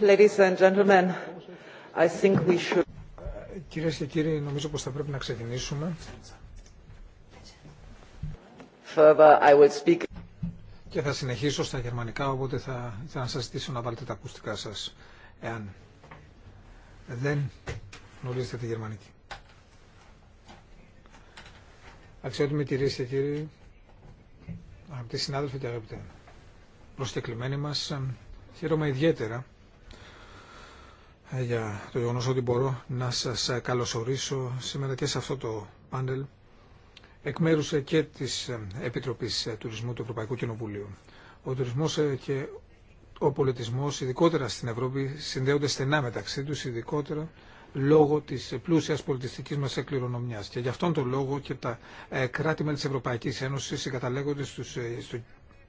ladies and gentlemen, I think we should... Κυρίες και κύριοι, νομίζω πως θα πρέπει να ξεκινήσουμε. Further, I will speak... Και θα συνεχίσω στα γερμανικά, οπότε θα ήθελα να σας ζητήσω να βάλετε τα ακουστικά σας, εάν δεν γνωρίζετε τη γερμανική. Αξιότιμοι κυρίες και κύριοι, αγαπητοί συνάδελφοι και αγαπητοί προσκεκλημένοι μας, Χαίρομαι ιδιαίτερα ε, για το γεγονό ότι μπορώ να σας ε, καλωσορίσω σήμερα και σε αυτό το πάνελ εκ μέρους ε, και της Επιτροπής Τουρισμού του Ευρωπαϊκού Κοινοβουλίου. Ο τουρισμός και ο πολιτισμός, ειδικότερα στην Ευρώπη, συνδέονται στενά μεταξύ τους, ειδικότερα λόγω της πλούσιας πολιτιστικής μας κληρονομιάς. Και γι' αυτόν τον λόγο και τα κράτη-μέλη της Ευρωπαϊκής Ένωσης συγκαταλέγονται στους, στο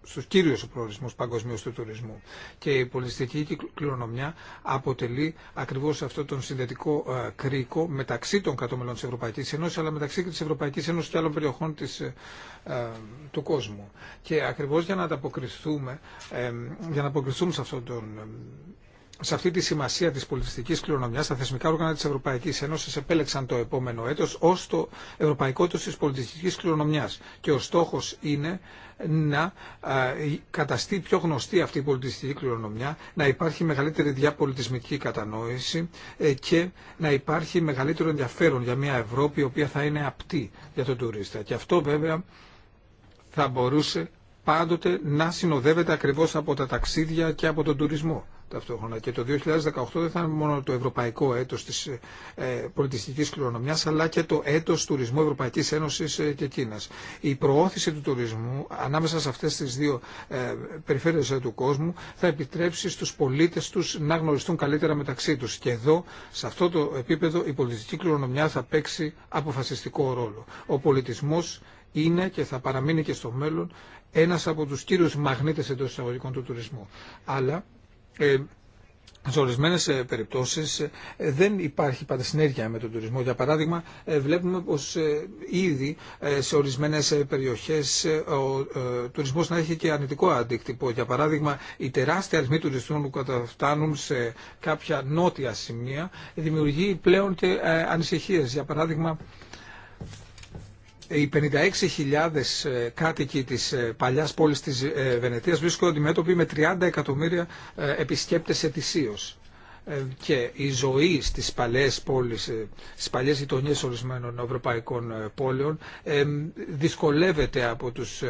στους κύριους προορισμούς παγκοσμίως του τουρισμού. Και η πολιτιστική κληρονομιά αποτελεί ακριβώς αυτό τον συνδετικό ε, κρίκο μεταξύ των κατώμελων της Ευρωπαϊκής Ένωσης, αλλά μεταξύ και της Ευρωπαϊκής Ένωσης και άλλων περιοχών της, ε, ε, του κόσμου. Και ακριβώς για να ανταποκριθούμε, για να αποκριθούμε σε αυτόν τον σε αυτή τη σημασία της πολιτιστικής κληρονομιάς τα θεσμικά όργανα της Ευρωπαϊκής Ένωσης επέλεξαν το επόμενο έτος ως το Ευρωπαϊκό έτος της πολιτιστικής κληρονομιάς και ο στόχος είναι να καταστεί πιο γνωστή αυτή η πολιτιστική κληρονομιά, να υπάρχει μεγαλύτερη διαπολιτισμική κατανόηση ε, και να υπάρχει μεγαλύτερο ενδιαφέρον για μια Ευρώπη η οποία θα είναι απτή για τον τουρίστα. Και αυτό βέβαια θα μπορούσε πάντοτε να συνοδεύεται ακριβώς από τα ταξίδια και από τον τουρισμό ταυτόχρονα. Και το 2018 δεν θα είναι μόνο το ευρωπαϊκό έτος της ε, πολιτιστικής κληρονομιάς, αλλά και το έτος τουρισμού Ευρωπαϊκής Ένωσης ε, και Κίνας. Η προώθηση του τουρισμού ανάμεσα σε αυτές τις δύο ε, περιφέρειες του κόσμου θα επιτρέψει στους πολίτες τους να γνωριστούν καλύτερα μεταξύ τους. Και εδώ, σε αυτό το επίπεδο, η πολιτιστική κληρονομιά θα παίξει αποφασιστικό ρόλο. Ο πολιτισμός είναι και θα παραμείνει και στο μέλλον ένας από τους κύριους μαγνήτες εντός εισαγωγικών του τουρισμού. Αλλά ε, σε ορισμένε περιπτώσει ε, δεν υπάρχει πάντα συνέργεια με τον τουρισμό. Για παράδειγμα, ε, βλέπουμε πω ήδη σε ορισμένε περιοχέ ο τουρισμό να έχει και αρνητικό αντίκτυπο. Για παράδειγμα, οι τεράστια αριθμοί τουριστών που καταφτάνουν σε κάποια νότια σημεία δημιουργεί πλέον και ανησυχίε. Για παράδειγμα, ε, οι 56.000 ε, κάτοικοι της ε, παλιάς πόλης της Βενετίας βρίσκονται αντιμέτωποι με 30 εκατομμύρια επισκέπτες ετησίως. Ε, και η ζωή στις παλαιές πόλεις, ε, στις παλιές γειτονίες ορισμένων ευρωπαϊκών ε, πόλεων δυσκολεύεται από τους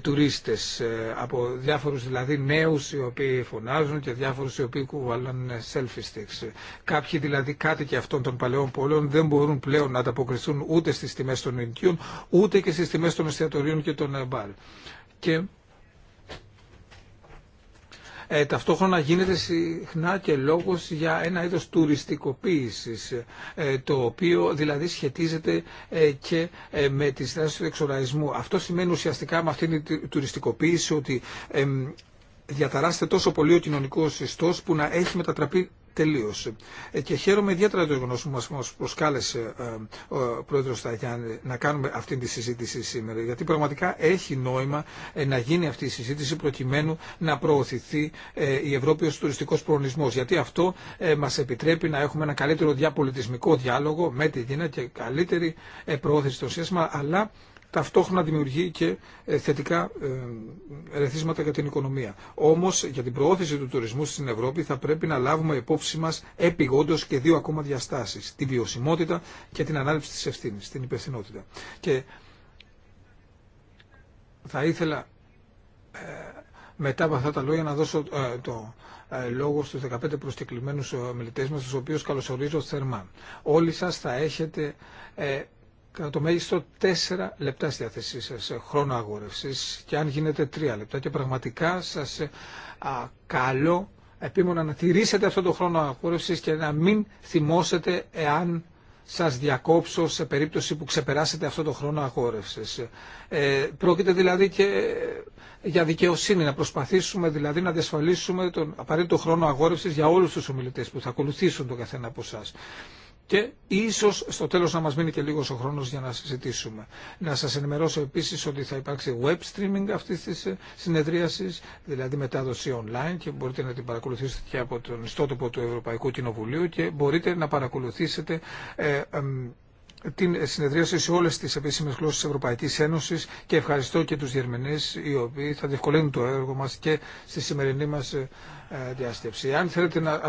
τουρίστες, από διάφορους δηλαδή νέους οι οποίοι φωνάζουν και διάφορους οι οποίοι κουβαλάν selfie sticks. Κάποιοι δηλαδή κάτοικοι αυτών των παλαιών πόλεων δεν μπορούν πλέον να ανταποκριθούν ούτε στις τιμές των νοικιών, ούτε και στις τιμές των εστιατορίων και των μπαλ. Και ε, ταυτόχρονα γίνεται συχνά και λόγος για ένα είδος τουριστικοποίησης, ε, το οποίο δηλαδή σχετίζεται ε, και με τις δράσεις του εξοραϊσμού. Αυτό σημαίνει ουσιαστικά με αυτήν την τουριστικοποίηση ότι διαταράσσεται τόσο πολύ ο κοινωνικός ιστός που να έχει μετατραπεί τελείωσε. Ε, και χαίρομαι ιδιαίτερα το γεγονό που μα προσκάλεσε ε, ο πρόεδρο Σταγιάννη να κάνουμε αυτή τη συζήτηση σήμερα. Γιατί πραγματικά έχει νόημα ε, να γίνει αυτή η συζήτηση προκειμένου να προωθηθεί η Ευρώπη ω τουριστικό προορισμό. Γιατί αυτό μα επιτρέπει να έχουμε ένα καλύτερο διαπολιτισμικό διάλογο με τη Γίνα και καλύτερη προώθηση των σύστημα. αλλά ταυτόχρονα δημιουργεί και ε, θετικά ε, ερεθίσματα για την οικονομία. Όμω, για την προώθηση του τουρισμού στην Ευρώπη θα πρέπει να λάβουμε υπόψη μα επιγόντω και δύο ακόμα διαστάσει. Τη βιωσιμότητα και την ανάληψη τη ευθύνη, την υπευθυνότητα. Και θα ήθελα ε, μετά από αυτά τα λόγια να δώσω το λόγο στους 15 προσκεκλημένους μιλητές μας, τους οποίους καλωσορίζω θερμά. Όλοι σας θα έχετε κατά το μέγιστο τέσσερα λεπτά στη διάθεσή σας ε, χρόνο αγόρευσης και αν γίνεται τρία λεπτά και πραγματικά σας ε, καλώ επίμονα να τηρήσετε αυτό το χρόνο αγόρευσης και να μην θυμώσετε εάν σας διακόψω σε περίπτωση που ξεπεράσετε αυτό το χρόνο αγόρευσης. Ε, πρόκειται δηλαδή και για δικαιοσύνη, να προσπαθήσουμε δηλαδή να διασφαλίσουμε τον απαραίτητο χρόνο αγόρευσης για όλους τους ομιλητές που θα ακολουθήσουν τον καθένα από εσά και ίσως στο τέλος να μας μείνει και λίγος ο χρόνος για να συζητήσουμε. Να σας ενημερώσω επίσης ότι θα υπάρξει web streaming αυτή της ε, συνεδρίασης, δηλαδή μετάδοση online και μπορείτε να την παρακολουθήσετε και από τον ιστότοπο του Ευρωπαϊκού Κοινοβουλίου και μπορείτε να παρακολουθήσετε ε, την συνεδρίαση σε όλες τις επίσημες γλώσσες της Ευρωπαϊκής Ένωσης και ευχαριστώ και τους διερμηνείς οι οποίοι θα διευκολύνουν το έργο μας και στη σημερινή μας ε, διάσκεψη. Αν θέλετε να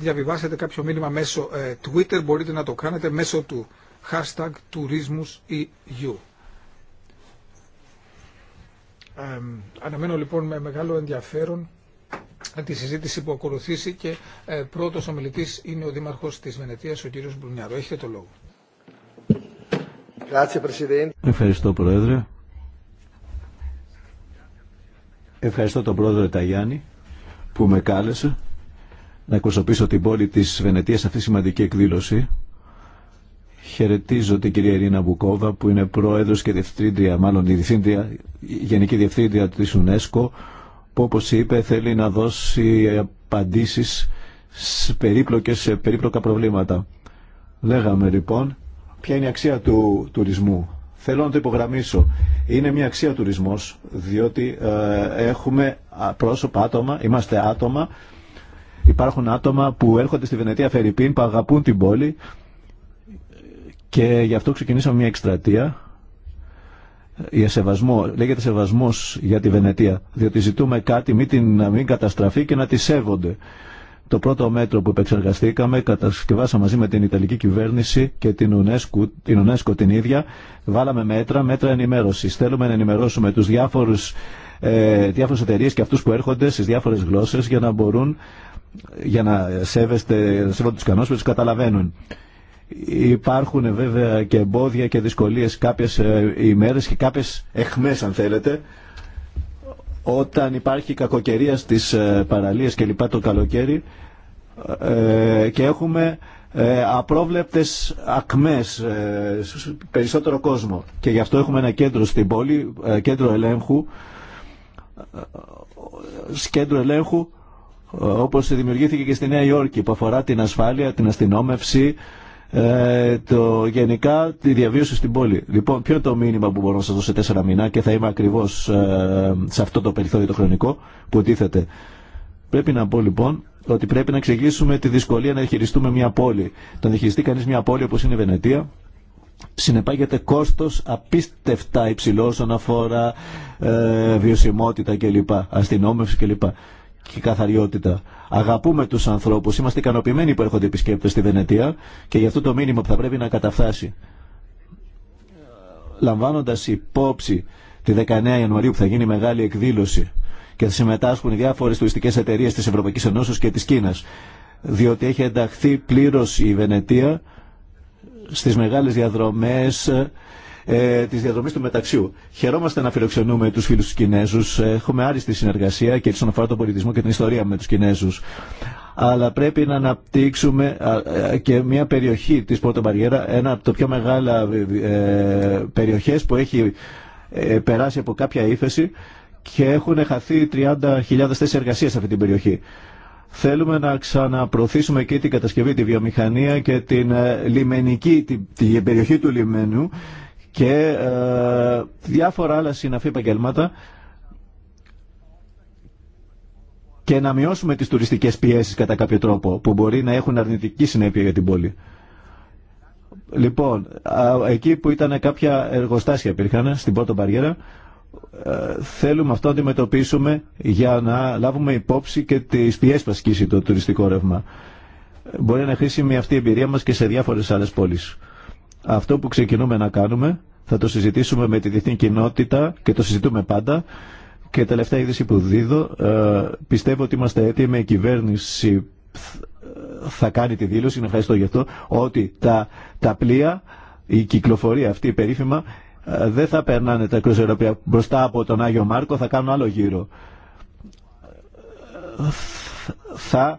διαβιβάσετε κάποιο μήνυμα μέσω ε, Twitter μπορείτε να το κάνετε μέσω του hashtag tourismus.eu. Ε, αναμένω λοιπόν με μεγάλο ενδιαφέρον τη συζήτηση που ακολουθήσει και ε, πρώτος ομιλητής είναι ο Δήμαρχος της Βενετίας, ο κύριος Μπρουνιάρο. Έχετε το λόγο. Ευχαριστώ Πρόεδρε. Ευχαριστώ τον Πρόεδρο Ταγιάννη που με κάλεσε να εκπροσωπήσω την πόλη της Βενετίας σε αυτή τη σημαντική εκδήλωση. Χαιρετίζω την κυρία Ειρήνα Μπουκόβα που είναι πρόεδρος και διευθύντρια, μάλλον η διευθύντρια, γενική διευθύντρια της UNESCO που όπως είπε θέλει να δώσει απαντήσεις σε περίπλοκες, σε περίπλοκα προβλήματα. Λέγαμε λοιπόν ποια είναι η αξία του τουρισμού. Θέλω να το υπογραμμίσω. Είναι μια αξία τουρισμός διότι ε, έχουμε πρόσωπα, άτομα, είμαστε άτομα Υπάρχουν άτομα που έρχονται στη Βενετία Φερρυπίν, που αγαπούν την πόλη και γι' αυτό ξεκινήσαμε μια εκστρατεία για σεβασμό, λέγεται σεβασμός για τη Βενετία, διότι ζητούμε κάτι μην την, να μην καταστραφεί και να τη σέβονται. Το πρώτο μέτρο που επεξεργαστήκαμε, κατασκευάσαμε μαζί με την Ιταλική κυβέρνηση και την UNESCO, την UNESCO την ίδια, βάλαμε μέτρα, μέτρα ενημέρωσης. Θέλουμε να ενημερώσουμε τους διάφορους ε, διάφορες εταιρείε και αυτούς που έρχονται στις διάφορες γλώσσες για να μπορούν για να σέβεστε, να σέβονται τους κανόνες που τους καταλαβαίνουν. Υπάρχουν βέβαια και εμπόδια και δυσκολίες κάποιες ε, ημέρες και κάποιες εχμές αν θέλετε όταν υπάρχει κακοκαιρία στις ε, παραλίες και λοιπά το καλοκαίρι ε, και έχουμε απρόβλεπτες ακμές, περισσότερο κόσμο και γι' αυτό έχουμε ένα κέντρο στην πόλη, κέντρο ελέγχου, κέντρο ελέγχου όπως δημιουργήθηκε και στη Νέα Υόρκη που αφορά την ασφάλεια, την αστυνόμευση, ε, το, γενικά τη διαβίωση στην πόλη. Λοιπόν, ποιο είναι το μήνυμα που μπορώ να σας δώσω σε τέσσερα μήνα και θα είμαι ακριβώς ε, σε αυτό το περιθώριο το χρονικό που τίθεται. Πρέπει να πω λοιπόν ότι πρέπει να εξηγήσουμε τη δυσκολία να διχειριστούμε μια πόλη. Το να διχειριστεί κανείς μια πόλη όπως είναι η Βενετία, συνεπάγεται κόστος απίστευτα υψηλό όσον αφορά ε, βιωσιμότητα κλπ, αστυνόμευση κλπ και καθαριότητα. Αγαπούμε τους ανθρώπους, είμαστε ικανοποιημένοι που έρχονται επισκέπτε στη Βενετία και γι' αυτό το μήνυμα που θα πρέπει να καταφτάσει. Λαμβάνοντας υπόψη τη 19 Ιανουαρίου που θα γίνει μεγάλη εκδήλωση και θα συμμετάσχουν οι διάφορες τουριστικές εταιρείες της Ευρωπαϊκής Ενώσεω και τη Κίνα, διότι έχει ενταχθεί πλήρω η Βενετία στι μεγάλε διαδρομέ ε, τη διαδρομή του μεταξιού. Χαιρόμαστε να φιλοξενούμε του φίλου του Κινέζου. Έχουμε άριστη συνεργασία και όσον αφορά τον πολιτισμό και την ιστορία με του Κινέζου. Αλλά πρέπει να αναπτύξουμε ε, και μια περιοχή τη Πόρτα Μπαριέρα, ένα από τα πιο μεγάλα ε, ε περιοχέ που έχει ε, περάσει από κάποια ύφεση και έχουν χαθεί 30.000 θέσει εργασία σε αυτή την περιοχή. Θέλουμε να ξαναπροωθήσουμε και την κατασκευή, τη βιομηχανία και την λιμενική, την, την περιοχή του λιμένου και ε, διάφορα άλλα συναφή επαγγελμάτα και να μειώσουμε τις τουριστικές πιέσεις κατά κάποιο τρόπο που μπορεί να έχουν αρνητική συνέπεια για την πόλη. Λοιπόν, εκεί που ήταν κάποια εργοστάσια υπήρχαν στην πρώτη μπαριέρα, ε, θέλουμε αυτό να αντιμετωπίσουμε για να λάβουμε υπόψη και τις πιέσεις που ασκήσει το τουριστικό ρεύμα. Μπορεί να χρήσιμη αυτή η εμπειρία μας και σε διάφορες άλλες πόλεις. Αυτό που ξεκινούμε να κάνουμε θα το συζητήσουμε με τη διεθνή κοινότητα και το συζητούμε πάντα. Και τελευταία είδηση που δίδω, ε, πιστεύω ότι είμαστε έτοιμοι, η κυβέρνηση θα κάνει τη δήλωση, ευχαριστώ γι' αυτό, ότι τα, τα πλοία, η κυκλοφορία αυτή η περίφημα, ε, δεν θα περνάνε τα κρουζεροπλία μπροστά από τον Άγιο Μάρκο, θα κάνουν άλλο γύρο. Ε,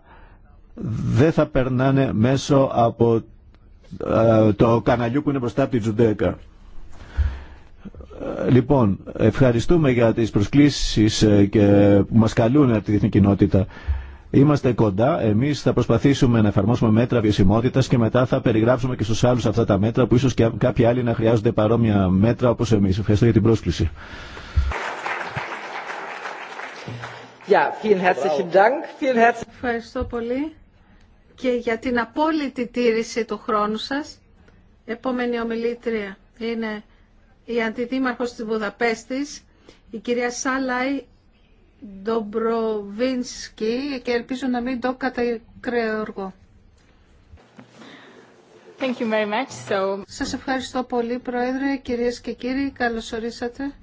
δεν θα περνάνε μέσω από ε, το καναλιού που είναι μπροστά από την Τζουντέκα. Ε, λοιπόν, ευχαριστούμε για τις προσκλήσεις ε, και που μας καλούν από τη διεθνή κοινότητα. Είμαστε κοντά, εμείς θα προσπαθήσουμε να εφαρμόσουμε μέτρα βιωσιμότητας και μετά θα περιγράψουμε και στους άλλους αυτά τα μέτρα που ίσως και κάποιοι άλλοι να χρειάζονται παρόμοια μέτρα όπως εμείς. Ευχαριστώ για την πρόσκληση. Ευχαριστώ πολύ και για την απόλυτη τήρηση του χρόνου σας. Επόμενη ομιλήτρια είναι η Αντιδήμαρχος της Βουδαπέστης, η κυρία Σάλαϊ Ντομπροβίνσκι και ελπίζω να μην το κατακρεωργώ. Thank you very much. So... Σας ευχαριστώ πολύ Πρόεδρε, κυρίες και κύριοι, καλώς ορίσατε.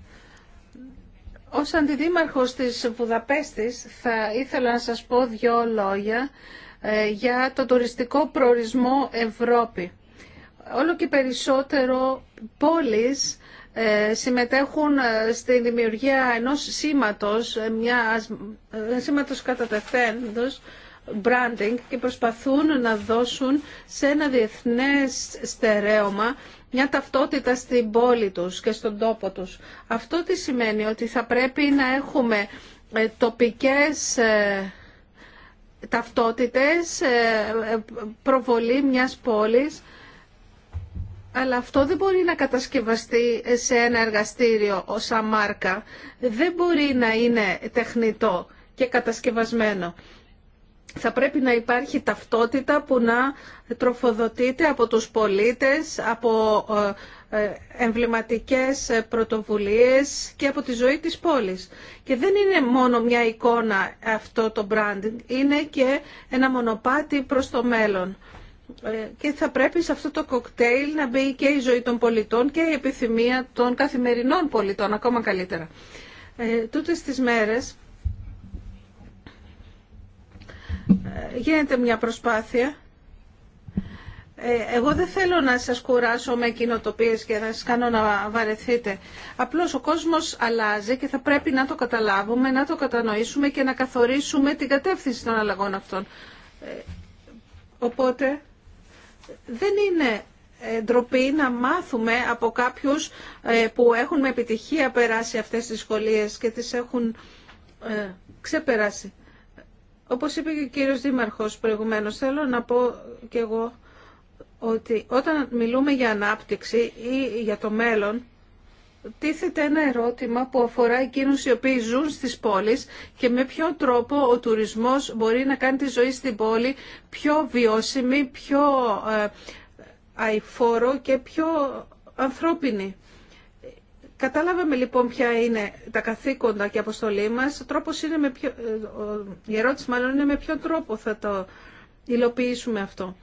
Ως Αντιδήμαρχος της Βουδαπέστης θα ήθελα να σας πω δύο λόγια ε, για το τουριστικό προορισμό Ευρώπη. Όλο και περισσότερο πόλεις ε, συμμετέχουν ε, στη δημιουργία ενός σήματος, μιας, σήματος κατατεθέντος, branding και προσπαθούν να δώσουν σε ένα διεθνές στερέωμα μια ταυτότητα στην πόλη τους και στον τόπο τους. Αυτό τι σημαίνει ότι θα πρέπει να έχουμε τοπικές ταυτότητες, ε, προβολή μιας πόλης, αλλά αυτό δεν μπορεί να κατασκευαστεί σε ένα εργαστήριο ως αμάρκα. Δεν μπορεί να είναι τεχνητό και κατασκευασμένο θα πρέπει να υπάρχει ταυτότητα που να τροφοδοτείται από τους πολίτες, από ε, ε, εμβληματικές πρωτοβουλίες και από τη ζωή της πόλης. Και δεν είναι μόνο μια εικόνα αυτό το branding, είναι και ένα μονοπάτι προς το μέλλον. Ε, και θα πρέπει σε αυτό το κοκτέιλ να μπει και η ζωή των πολιτών και η επιθυμία των καθημερινών πολιτών, ακόμα καλύτερα. Ε, τούτες τις μέρες ε, γίνεται μια προσπάθεια. Ε, εγώ δεν θέλω να σας κουράσω με κοινοτοπίες και να σας κάνω να βαρεθείτε. Απλώς ο κόσμος αλλάζει και θα πρέπει να το καταλάβουμε, να το κατανοήσουμε και να καθορίσουμε την κατεύθυνση των αλλαγών αυτών. Ε, οπότε δεν είναι ντροπή να μάθουμε από κάποιους που έχουν με επιτυχία περάσει αυτές τις σχολίες και τις έχουν ξεπεράσει. Όπως είπε και ο κύριος Δήμαρχος προηγουμένως, θέλω να πω και εγώ ότι όταν μιλούμε για ανάπτυξη ή για το μέλλον, τίθεται ένα ερώτημα που αφορά εκείνους οι οποίοι ζουν στις πόλεις και με ποιο τρόπο ο τουρισμός μπορεί να κάνει τη ζωή στην πόλη πιο βιώσιμη, πιο ε, αηφόρο και πιο ανθρώπινη. Κατάλαβαμε λοιπόν ποια είναι τα καθήκοντα και αποστολή μας. τρόπος είναι με ποιο... Ε, η ερώτηση μάλλον είναι με ποιο τρόπο θα το υλοποιήσουμε αυτό.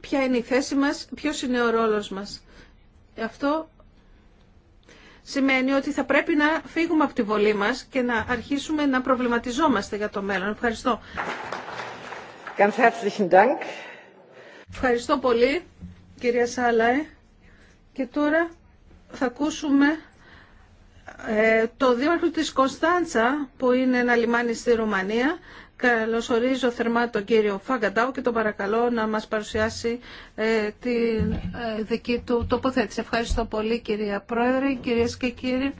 Ποια είναι η θέση μας, ποιος είναι ο ρόλος μας. Αυτό σημαίνει ότι θα πρέπει να φύγουμε από τη βολή μας και να αρχίσουμε να προβληματιζόμαστε για το μέλλον. Ευχαριστώ. Ευχαριστώ πολύ, κυρία Σάλαε. Και τώρα θα ακούσουμε ε, το δήμαρχο της Κωνσταντσα που είναι ένα λιμάνι στη Ρουμανία. Καλωσορίζω θερμά τον κύριο Φαγκαντάου και τον παρακαλώ να μας παρουσιάσει ε, τη ε, δική του τοποθέτηση. Ευχαριστώ πολύ κυρία Πρόεδρε, κυρίες και κύριοι.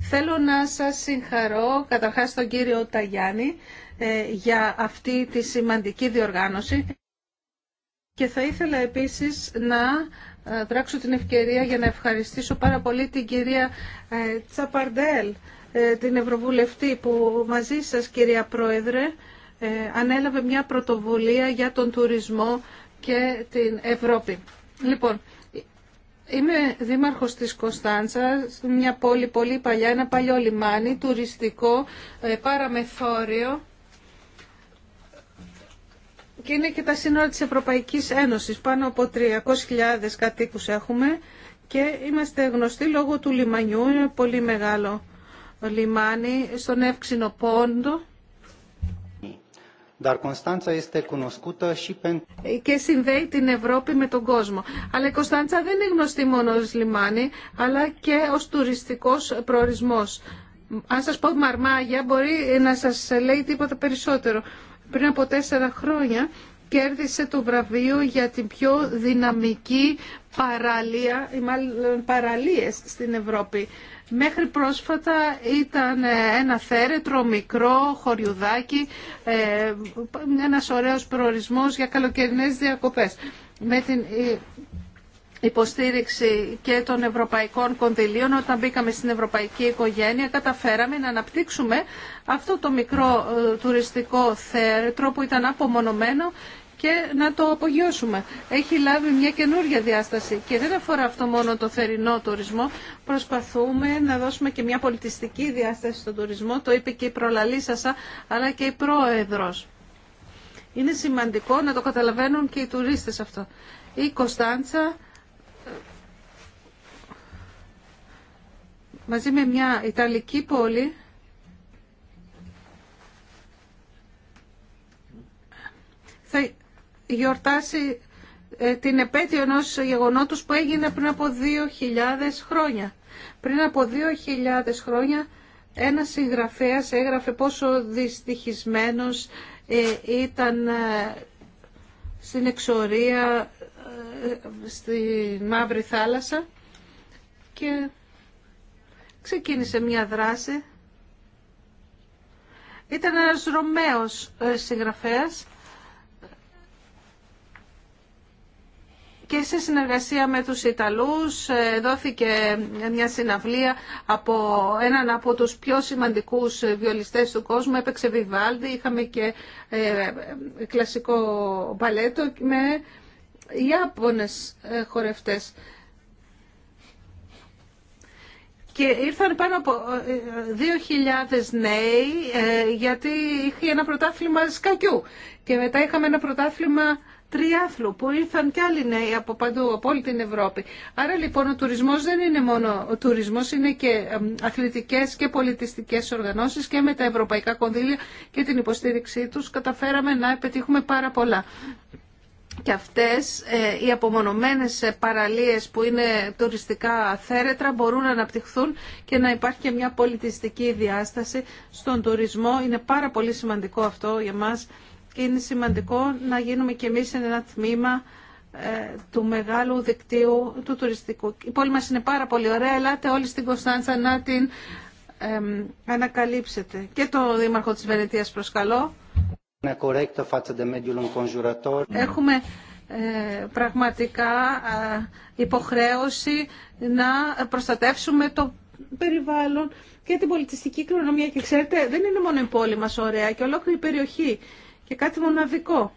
Θέλω να σας συγχαρώ καταρχάς τον κύριο Ταγιάννη για αυτή τη σημαντική διοργάνωση και θα ήθελα επίσης να ε, δράξω την ευκαιρία για να ευχαριστήσω πάρα πολύ την κυρία ε, Τσαπαρντέλ, ε, την Ευρωβουλευτή που μαζί σας κυρία Πρόεδρε ανέλαβε μια πρωτοβουλία για τον τουρισμό και την Ευρώπη. Λοιπόν, είμαι δήμαρχος της Κωνσταντσα, μια πόλη πολύ παλιά, ένα παλιό λιμάνι, τουριστικό, παραμεθόριο και είναι και τα σύνορα της Ευρωπαϊκής Ένωσης. Πάνω από 300.000 κατοίκους έχουμε και είμαστε γνωστοί λόγω του λιμανιού. Είναι πολύ μεγάλο λιμάνι στον Εύξηνο Πόντο. Και συνδέει την Ευρώπη με τον κόσμο. Αλλά η Κωνσταντσα δεν είναι γνωστή μόνο ως λιμάνι, αλλά και ως τουριστικός προορισμός. Αν σας πω Μαρμάγια μπορεί να σας λέει τίποτα περισσότερο πριν από τέσσερα χρόνια κέρδισε το βραβείο για την πιο δυναμική παραλία, ή μάλλον παραλίες στην Ευρώπη. Μέχρι πρόσφατα ήταν ένα θέρετρο, μικρό, χωριουδάκι, ε, ένας ωραίος προορισμός για καλοκαιρινές διακοπές. Με την υποστήριξη και των ευρωπαϊκών κονδυλίων όταν μπήκαμε στην ευρωπαϊκή οικογένεια καταφέραμε να αναπτύξουμε αυτό το μικρό ε, τουριστικό θέατρο που ήταν απομονωμένο και να το απογειώσουμε. Έχει λάβει μια καινούργια διάσταση και δεν αφορά αυτό μόνο το θερινό τουρισμό. Προσπαθούμε να δώσουμε και μια πολιτιστική διάσταση στον τουρισμό, το είπε και η προλαλήσασα αλλά και η πρόεδρος. Είναι σημαντικό να το καταλαβαίνουν και οι τουρίστες αυτό. Η μαζί με μια Ιταλική πόλη θα γιορτάσει ε, την επέτειο ενός γεγονότος που έγινε πριν από 2.000 χρόνια. Πριν από 2.000 χρόνια ένας συγγραφέας έγραφε πόσο δυστυχισμένος ε, ήταν ε, στην εξορία, στη Μαύρη Θάλασσα και ξεκίνησε μια δράση. Ήταν ένας Ρωμαίος ε, συγγραφέας και σε συνεργασία με τους Ιταλούς ε, δόθηκε μια συναυλία από έναν από τους πιο σημαντικούς βιολιστές του κόσμου. Έπαιξε Βιβάλντι, είχαμε και ε, κλασικό μπαλέτο με Ιάπωνες χορευτές. Και ήρθαν πάνω από 2.000 ε, νέοι ε, γιατί είχε ένα πρωτάθλημα σκακιού. Και μετά είχαμε ένα πρωτάθλημα τριάθλου που ήρθαν κι άλλοι νέοι από παντού, από όλη την Ευρώπη. Άρα λοιπόν ο τουρισμός δεν είναι μόνο ο τουρισμός, είναι και ε, αθλητικές και πολιτιστικές οργανώσεις και με τα ευρωπαϊκά κονδύλια και την υποστήριξή τους καταφέραμε να επιτύχουμε πάρα πολλά και αυτές ε, οι απομονωμένες ε, παραλίες που είναι τουριστικά θέρετρα μπορούν να αναπτυχθούν και να υπάρχει και μια πολιτιστική διάσταση στον τουρισμό. Είναι πάρα πολύ σημαντικό αυτό για μας και είναι σημαντικό να γίνουμε κι εμείς ένα τμήμα ε, του μεγάλου δικτύου του τουριστικού. Η πόλη μας είναι πάρα πολύ ωραία. Ελάτε όλοι στην Κωνσταντσα να την ανακαλύψετε. Και το Δήμαρχο της Βενετίας προσκαλώ. Έχουμε ε, πραγματικά ε, υποχρέωση να προστατεύσουμε το περιβάλλον και την πολιτιστική κληρονομιά. Και ξέρετε, δεν είναι μόνο η πόλη μας ωραία και ολόκληρη η περιοχή και κάτι μοναδικό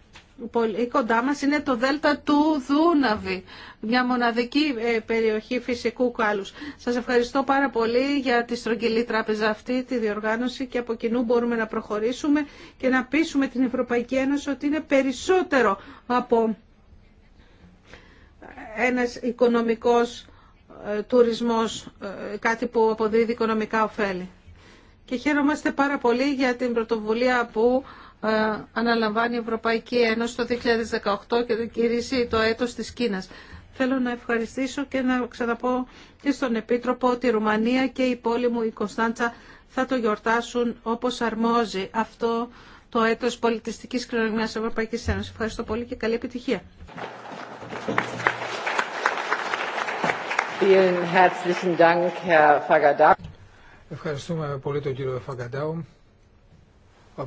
πολύ κοντά μας είναι το δέλτα του Δούναβη, μια μοναδική ε, περιοχή φυσικού κάλους. Σας ευχαριστώ πάρα πολύ για τη στρογγυλή τράπεζα αυτή, τη διοργάνωση και από κοινού μπορούμε να προχωρήσουμε και να πείσουμε την Ευρωπαϊκή Ένωση ότι είναι περισσότερο από ένας οικονομικός ε, τουρισμός, ε, κάτι που αποδίδει οικονομικά ωφέλη. Και χαίρομαστε πάρα πολύ για την πρωτοβουλία που ε, αναλαμβάνει η Ευρωπαϊκή Ένωση το 2018 και το κηρύσσει το έτος της Κίνας. Θέλω να ευχαριστήσω και να ξαναπώ και στον Επίτροπο ότι η Ρουμανία και η πόλη μου η Κωνσταντσα θα το γιορτάσουν όπως αρμόζει αυτό το έτος πολιτιστικής κληρονομιάς Ευρωπαϊκής Ένωσης. Ευχαριστώ πολύ και καλή επιτυχία. Ευχαριστούμε πολύ τον κύριο Φαγκαντάου. Ο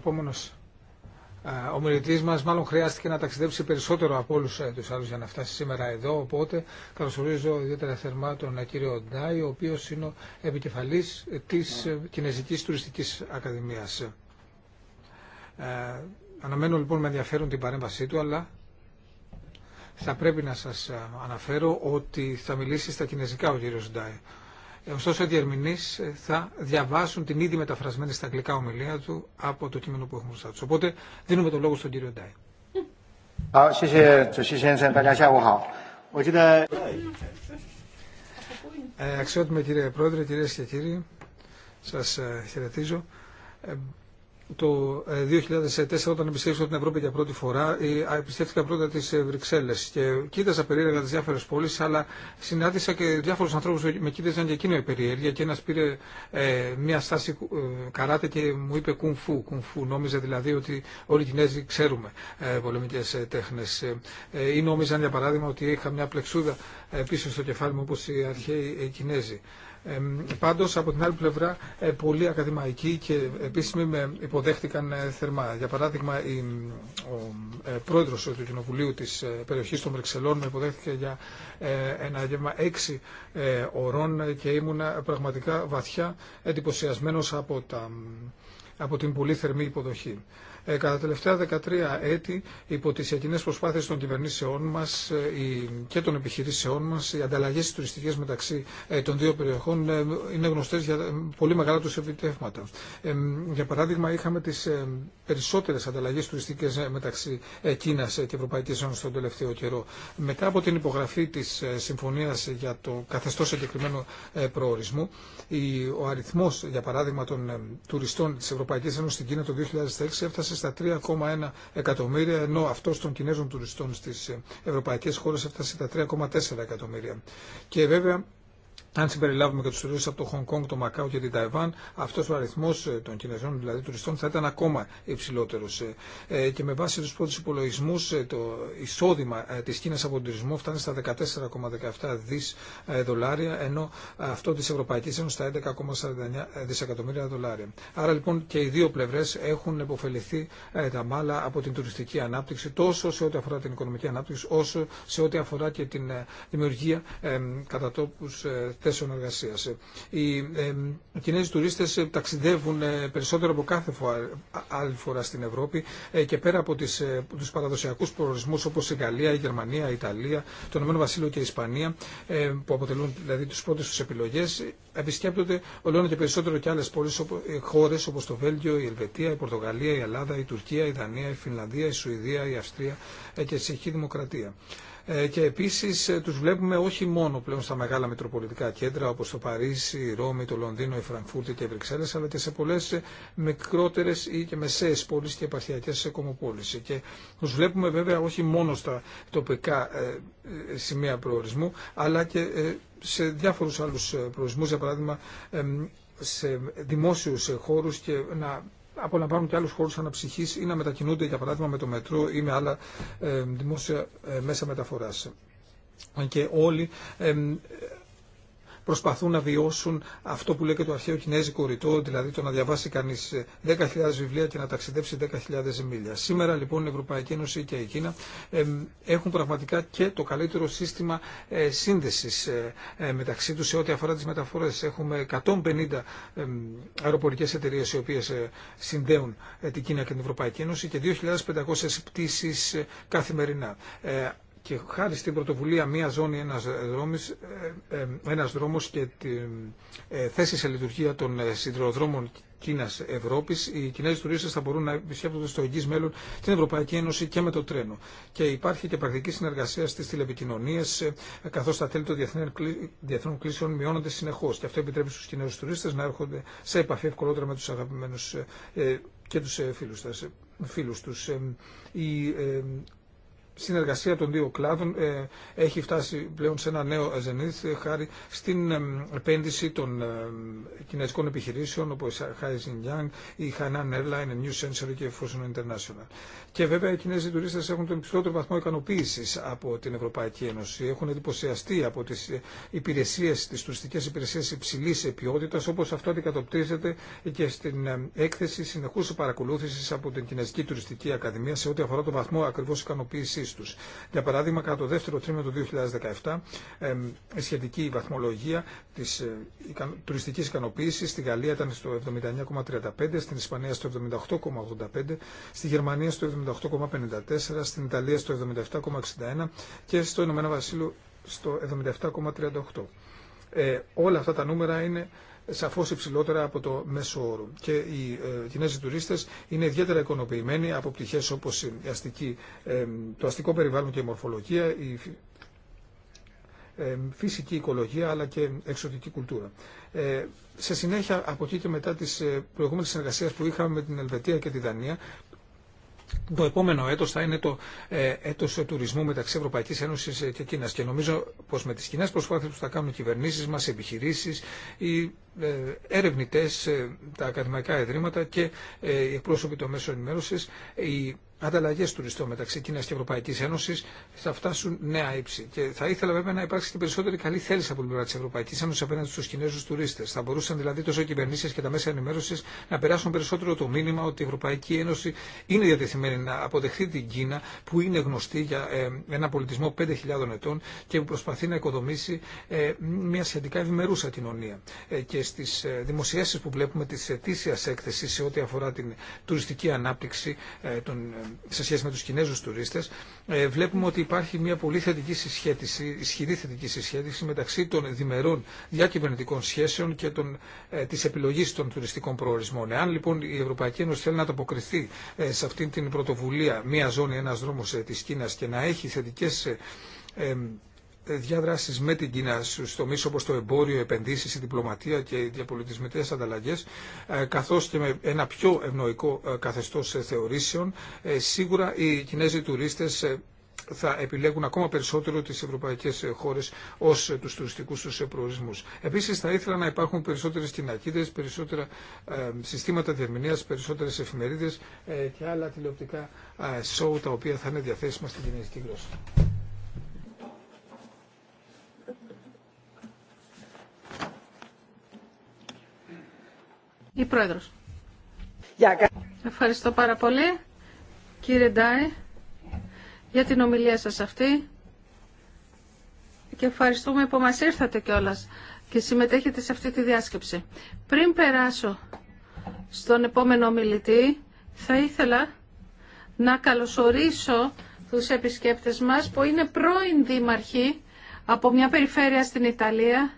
ο μιλητή μα μάλλον χρειάστηκε να ταξιδέψει περισσότερο από όλου ε, του άλλου για να φτάσει σήμερα εδώ. Οπότε καλωσορίζω ιδιαίτερα θερμά τον ε, κύριο Ντάι, ο οποίο είναι ο επικεφαλή ε, τη Κινέζικη Τουριστική Ακαδημία. αναμένω λοιπόν με ενδιαφέρον την παρέμβασή του, αλλά θα πρέπει να σας αναφέρω ότι θα μιλήσει στα κινέζικα ο κύριο Ντάι. Ωστόσο, οι διερμηνεί ε, θα διαβάσουν την ήδη μεταφρασμένη στα αγγλικά ομιλία του από το κείμενο που έχουμε μπροστά του. Οπότε, δίνουμε το λόγο στον κύριο Ντάι. Αξιότιμε κύριε Πρόεδρε, κυρίε και κύριοι, σα ε, χαιρετίζω. Ε, το 2004 ε, όταν επισκέφθηκα την Ευρώπη για πρώτη φορά, επισκέφθηκα πρώτα τι ε, Βρυξέλλε και κοίταζα περίεργα τι διάφορε πόλει, αλλά συνάντησα και διάφορου ανθρώπου που με κοίταζαν και εκείνο η περιέργεια. Και ένα πήρε ε, μια στάση ε, καράτε και μου είπε κουνφού. Κουνφού νόμιζε δηλαδή ότι όλοι οι Κινέζοι ξέρουμε ε, πολεμικέ τέχνε. ή νόμιζαν για παράδειγμα ότι είχα μια πλεξούδα πίσω στο κεφάλι μου όπω οι αρχαίοι Κινέζοι. Πάντως από την άλλη πλευρά ε, πολλοί ακαδημαϊκοί και επίσημοι με υποδέχτηκαν ε, θερμά. Για παράδειγμα ο ε, πρόεδρος του Κοινοβουλίου της περιοχής των Βρυξελών με υποδέχτηκε για ένα γεύμα έξι ωρών και ήμουν πραγματικά βαθιά εντυπωσιασμένο από από την πολύ θερμή υποδοχή. Ε, κατά τα τελευταία 13 έτη, υπό τις εκείνες προσπάθειες των κυβερνήσεών μα ε, και των επιχειρήσεών μα, οι ανταλλαγές τουριστικέ μεταξύ ε, των δύο περιοχών είναι γνωστέ για πολύ μεγάλα του επιτεύγματα. Για παράδειγμα, είχαμε τι περισσότερε ανταλλαγέ τουριστικέ μεταξύ Κίνα και Ευρωπαϊκή Ένωση τον τελευταίο καιρό. Μετά από την υπογραφή τη συμφωνία για το καθεστώ συγκεκριμένου προορισμού, ο αριθμός για παράδειγμα, των τουριστών τη Ευρωπαϊκή Ένωση στην Κίνα το 2006 έφτασε στα 3,1 εκατομμύρια, ενώ αυτό των Κινέζων τουριστών στι ε, ευρωπαϊκέ χώρε έφτασε στα 3,4 εκατομμύρια. Και βέβαια αν συμπεριλάβουμε και του τουρίστε από το Χονγκ Κόνγκ, το Μακάο και την Ταϊβάν, αυτό ο αριθμό ε, των Κινέζων δηλαδή τουριστών θα ήταν ακόμα υψηλότερο. Ε. Ε, και με βάση του πρώτου υπολογισμού, το εισόδημα τη Κίνα από τον τουρισμό φτάνει στα 14,17 δι δολάρια, ενώ αυτό τη Ευρωπαϊκή Ένωση στα 11,49 δισεκατομμύρια δολάρια. Άρα λοιπόν και οι δύο πλευρέ έχουν υποφεληθεί τα μάλα από την τουριστική ανάπτυξη, τόσο σε ό,τι αφορά την οικονομική ανάπτυξη, όσο σε ό,τι αφορά και την δημιουργία κατά τόπου θέσεων εργασία. Οι ε, Κινέζοι τουρίστε ταξιδεύουν ε, περισσότερο από κάθε άλλη φορά στην Ευρώπη ε, και πέρα από τις, ε, τους παραδοσιακούς προορισμούς όπως η Γαλλία, η Γερμανία, η Ιταλία, το Ηνωμένο Βασίλειο και η Ισπανία που αποτελούν δηλαδή τους του του επιλογές επισκέπτονται ολόνα και περισσότερο και άλλε ε, χώρε, όπω το Βέλγιο, η Ελβετία, η Πορτογαλία, η Ελλάδα, η Τουρκία, η Δανία, η Φινλανδία, η Σουηδία, η Αυστρία και η Τσεχική Δημοκρατία. Ε, και επίσης ε, τους βλέπουμε όχι μόνο πλέον στα μεγάλα μετροπολιτικά κέντρα όπως το Παρίσι, η Ρώμη, το Λονδίνο, η Φραγκφούρτη και οι Βρυξέλλες αλλά και σε πολλές ε, μικρότερες ή και μεσαίες πόλεις και επαρχιακές κομοπόλεις. Και τους βλέπουμε βέβαια όχι μόνο στα τοπικά σημεία προορισμού αλλά και σε διάφορους άλλους προορισμούς, για παράδειγμα σε δημόσιους χώρους και να απολαμβάνουν και άλλου χώρου αναψυχή ή να μετακινούνται, για παράδειγμα, με το μετρό ή με άλλα ε, δημόσια ε, μέσα μεταφορά. Και όλοι ε, προσπαθούν να βιώσουν αυτό που λέει και το αρχαίο κινέζικο ρητό, δηλαδή το να διαβάσει κανεί 10.000 ε, βιβλία και να ταξιδέψει 10.000 μίλια. Σήμερα λοιπόν η Ευρωπαϊκή Ένωση και η Κίνα έχουν πραγματικά και το καλύτερο σύστημα ε, σύνδεση ε, μεταξύ του σε ό,τι αφορά τι μεταφορέ. Έχουμε 150 αεροπορικέ εταιρείε οι οποίε συνδέουν την Κίνα και την Ευρωπαϊκή Ένωση και 2.500 πτήσει καθημερινά. Και χάρη στην πρωτοβουλία μία ζώνη, ένας, δρόμος, ε, ε, ε, ένας δρόμος και τη θέση σε λειτουργία των συνδροδρομων κινα Κίνα-Ευρώπη, οι Κινέζοι τουρίστε θα μπορούν να επισκέπτονται στο εγγύ μέλλον την Ευρωπαϊκή Ένωση και με το τρένο. Και υπάρχει και πρακτική συνεργασία στι τηλεπικοινωνίε, καθώ τα τέλη των διεθνών κλήσεων μειώνονται συνεχώ. Και αυτό επιτρέπει στου Κινέζου τουρίστε να έρχονται σε επαφή ευκολότερα με του αγαπημένου και του φίλου του. Η συνεργασία των δύο κλάδων ε, έχει φτάσει πλέον σε ένα νέο ζενήθ ε, χάρη στην ε, επένδυση των κινέζικων επιχειρήσεων όπως η Χάιζιν Γιάνγκ, η Hainan Airline, New Century και Fusion International. Και βέβαια οι Κινέζοι τουρίστε έχουν τον υψηλότερο βαθμό ικανοποίηση από την Ευρωπαϊκή Ένωση. Έχουν εντυπωσιαστεί από τι υπηρεσίε, τι τουριστικέ υπηρεσίε υψηλή ποιότητα, όπω αυτό αντικατοπτρίζεται και στην έκθεση συνεχού παρακολούθηση από την Κινέζικη Τουριστική Ακαδημία σε ό,τι αφορά το βαθμό ακριβώ ικανοποίησή για παράδειγμα, κατά το δεύτερο τρίμηνο του 2017, σχετική βαθμολογία της ε, τουριστικής ικανοποίηση. στη Γαλλία ήταν στο 79,35, στην Ισπανία στο 78,85, στη Γερμανία στο 78,54, στην Ιταλία στο 77,61 και στο Ηνωμένο Βασίλειο στο 77,38. Ε, όλα αυτά τα νούμερα είναι σαφώ υψηλότερα από το μέσο όρο. Και οι ε, Κινέζοι τουρίστε είναι ιδιαίτερα εικονοποιημένοι από πτυχέ όπω ε, το αστικό περιβάλλον και η μορφολογία, η ε, φυσική οικολογία αλλά και εξωτική κουλτούρα. Ε, σε συνέχεια από εκεί και μετά τις προηγούμενες συνεργασία που είχαμε με την Ελβετία και τη Δανία το επόμενο έτος θα είναι το έτος τουρισμού μεταξύ Ευρωπαϊκής Ένωσης και Κίνας και νομίζω πως με τις κοινέ προσπάθειες που θα κάνουν οι κυβερνήσεις μας, οι επιχειρήσεις, οι έρευνητές, ε, ε, τα ακαδημαϊκά ιδρύματα και ε, οι εκπρόσωποι των μέσων ενημέρωσης, οι ανταλλαγέ τουριστών μεταξύ Κίνα και Ευρωπαϊκή Ένωση θα φτάσουν νέα ύψη. Και θα ήθελα βέβαια να υπάρξει και περισσότερη καλή θέληση από την πλευρά τη Ευρωπαϊκή Ένωση απέναντι στου Κινέζου τουρίστε. Θα μπορούσαν δηλαδή τόσο οι κυβερνήσει και τα μέσα ενημέρωση να περάσουν περισσότερο το μήνυμα ότι η Ευρωπαϊκή Ένωση είναι διατεθειμένη να αποδεχθεί την Κίνα που είναι γνωστή για ένα πολιτισμό 5.000 ετών και που προσπαθεί να οικοδομήσει μια σχετικά ευημερούσα κοινωνία. Και στις ε, δημοσιεύσεις που βλέπουμε τη ετήσια έκθεση σε ό,τι αφορά την τουριστική ανάπτυξη ε, ε, σε σχέση με του κινέζου τουρίστε, βλέπουμε ότι υπάρχει μια πολύ θετική συσχέτιση, ισχυρή θετική συσχέτιση μεταξύ των διμερών διακυβερνητικών σχέσεων και τη επιλογή των τουριστικών προορισμών. Εάν λοιπόν η Ευρωπαϊκή Ένωση θέλει να ανταποκριθεί σε αυτή την πρωτοβουλία μια ζώνη, ένας δρόμος τη Κίνα και να έχει θετικές διάδραση με την Κίνα στου τομεί όπω το εμπόριο, επενδύσει, η διπλωματία και οι διαπολιτισμικέ ανταλλαγέ, ε, καθώ και με ένα πιο ευνοϊκό ε, καθεστώ ε, θεωρήσεων, σίγουρα οι Κινέζοι τουρίστε θα επιλέγουν ακόμα περισσότερο τις ευρωπαϊκές χώρες ως τους τουριστικούς τους προορισμούς. Επίσης θα ήθελα να υπάρχουν περισσότερες κοινακίδες, περισσότερα συστήματα διερμηνίας, περισσότερες εφημερίδες και άλλα τηλεοπτικά show τα οποία θα είναι διαθέσιμα στην κινέζικη γλώσσα. Η Πρόεδρος. Ευχαριστώ πάρα πολύ, κύριε Ντάι, για την ομιλία σας αυτή και ευχαριστούμε που μας ήρθατε κιόλας και συμμετέχετε σε αυτή τη διάσκεψη. Πριν περάσω στον επόμενο ομιλητή, θα ήθελα να καλωσορίσω τους επισκέπτες μας που είναι πρώην δήμαρχοι από μια περιφέρεια στην Ιταλία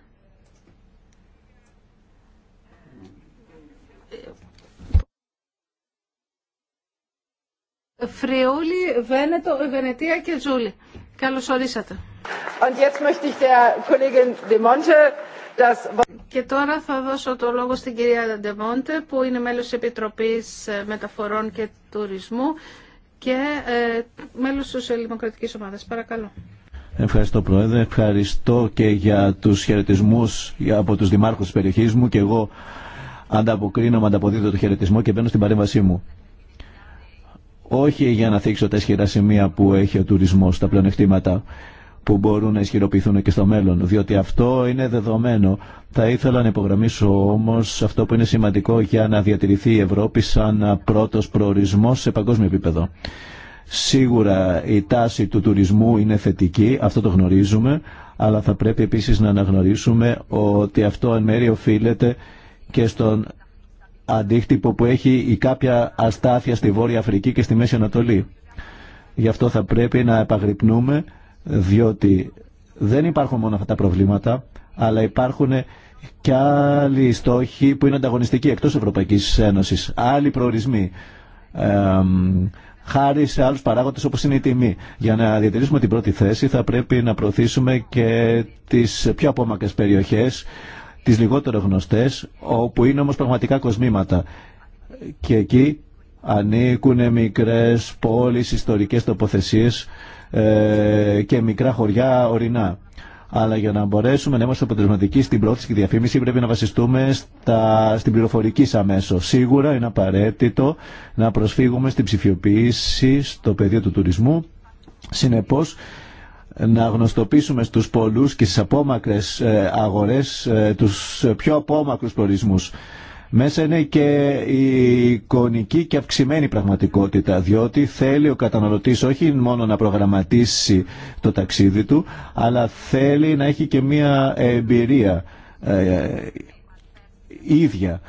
Φριούλη, Βένετο, Βενετία και Τζούλη. Καλώς ορίσατε. Και τώρα θα δώσω το λόγο στην κυρία Ντεμόντε που είναι μέλος της Επιτροπής ε, Μεταφορών και Τουρισμού και ε, μέλος της Σοσιαλδημοκρατικής Ομάδας. Παρακαλώ. Ευχαριστώ Πρόεδρε, ευχαριστώ και για τους χαιρετισμού από τους δημάρχους της περιοχής μου και εγώ ανταποκρίνομαι, ανταποδίδω το χαιρετισμό και μπαίνω στην παρέμβασή μου όχι για να θίξω τα ισχυρά σημεία που έχει ο τουρισμός, τα πλεονεκτήματα που μπορούν να ισχυροποιηθούν και στο μέλλον, διότι αυτό είναι δεδομένο. Θα ήθελα να υπογραμμίσω όμως αυτό που είναι σημαντικό για να διατηρηθεί η Ευρώπη σαν πρώτος προορισμός σε παγκόσμιο επίπεδο. Σίγουρα η τάση του τουρισμού είναι θετική, αυτό το γνωρίζουμε, αλλά θα πρέπει επίσης να αναγνωρίσουμε ότι αυτό εν μέρει οφείλεται και στον αντίκτυπο που έχει η κάποια αστάθεια στη Βόρεια Αφρική και στη Μέση Ανατολή. Γι' αυτό θα πρέπει να επαγρυπνούμε, διότι δεν υπάρχουν μόνο αυτά τα προβλήματα, αλλά υπάρχουν και άλλοι στόχοι που είναι ανταγωνιστικοί εκτός Ευρωπαϊκής Ένωσης, άλλοι προορισμοί, χάρη σε άλλους παράγοντες όπως είναι η τιμή. Για να διατηρήσουμε την πρώτη θέση θα πρέπει να προωθήσουμε και τις πιο απόμακρες περιοχές, τις λιγότερο γνωστές, όπου είναι όμως πραγματικά κοσμήματα. Και εκεί ανήκουν μικρές πόλεις, ιστορικές τοποθεσίες ε, και μικρά χωριά ορεινά. Αλλά για να μπορέσουμε να είμαστε αποτελεσματικοί στην πρόθεση και διαφήμιση πρέπει να βασιστούμε στα, στην πληροφορική μέσο. Σίγουρα είναι απαραίτητο να προσφύγουμε στην ψηφιοποίηση στο πεδίο του τουρισμού. Συνεπώς να γνωστοποιήσουμε στους πολλούς και στις απόμακρες ε, αγορές ε, τους πιο απόμακρους προορισμούς. Μέσα είναι και η εικονική και αυξημένη πραγματικότητα, διότι θέλει ο καταναλωτής όχι μόνο να προγραμματίσει το ταξίδι του, αλλά θέλει να έχει και μία εμπειρία ε, ίδια.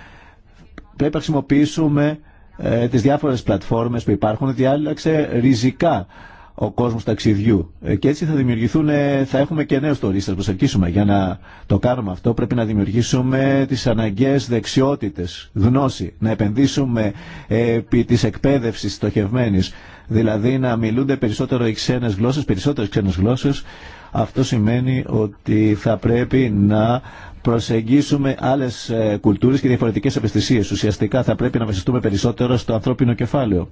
Πρέπει να χρησιμοποιήσουμε ε, τις διάφορες πλατφόρμες που υπάρχουν, διάλεξε ριζικά ο κόσμος ταξιδιού. Ε, και έτσι θα δημιουργηθούν, ε, θα έχουμε και νέους τουρίστες, προσελκύσουμε. Για να το κάνουμε αυτό πρέπει να δημιουργήσουμε τις αναγκαίες δεξιότητες, γνώση, να επενδύσουμε επί της εκπαίδευσης στοχευμένης, δηλαδή να μιλούνται περισσότερο οι ξένες γλώσσες, περισσότερες ξένες γλώσσες. Αυτό σημαίνει ότι θα πρέπει να προσεγγίσουμε άλλες ε, κουλτούρες και διαφορετικές ευαισθησίες. Ουσιαστικά θα πρέπει να βασιστούμε περισσότερο στο ανθρώπινο κεφάλαιο.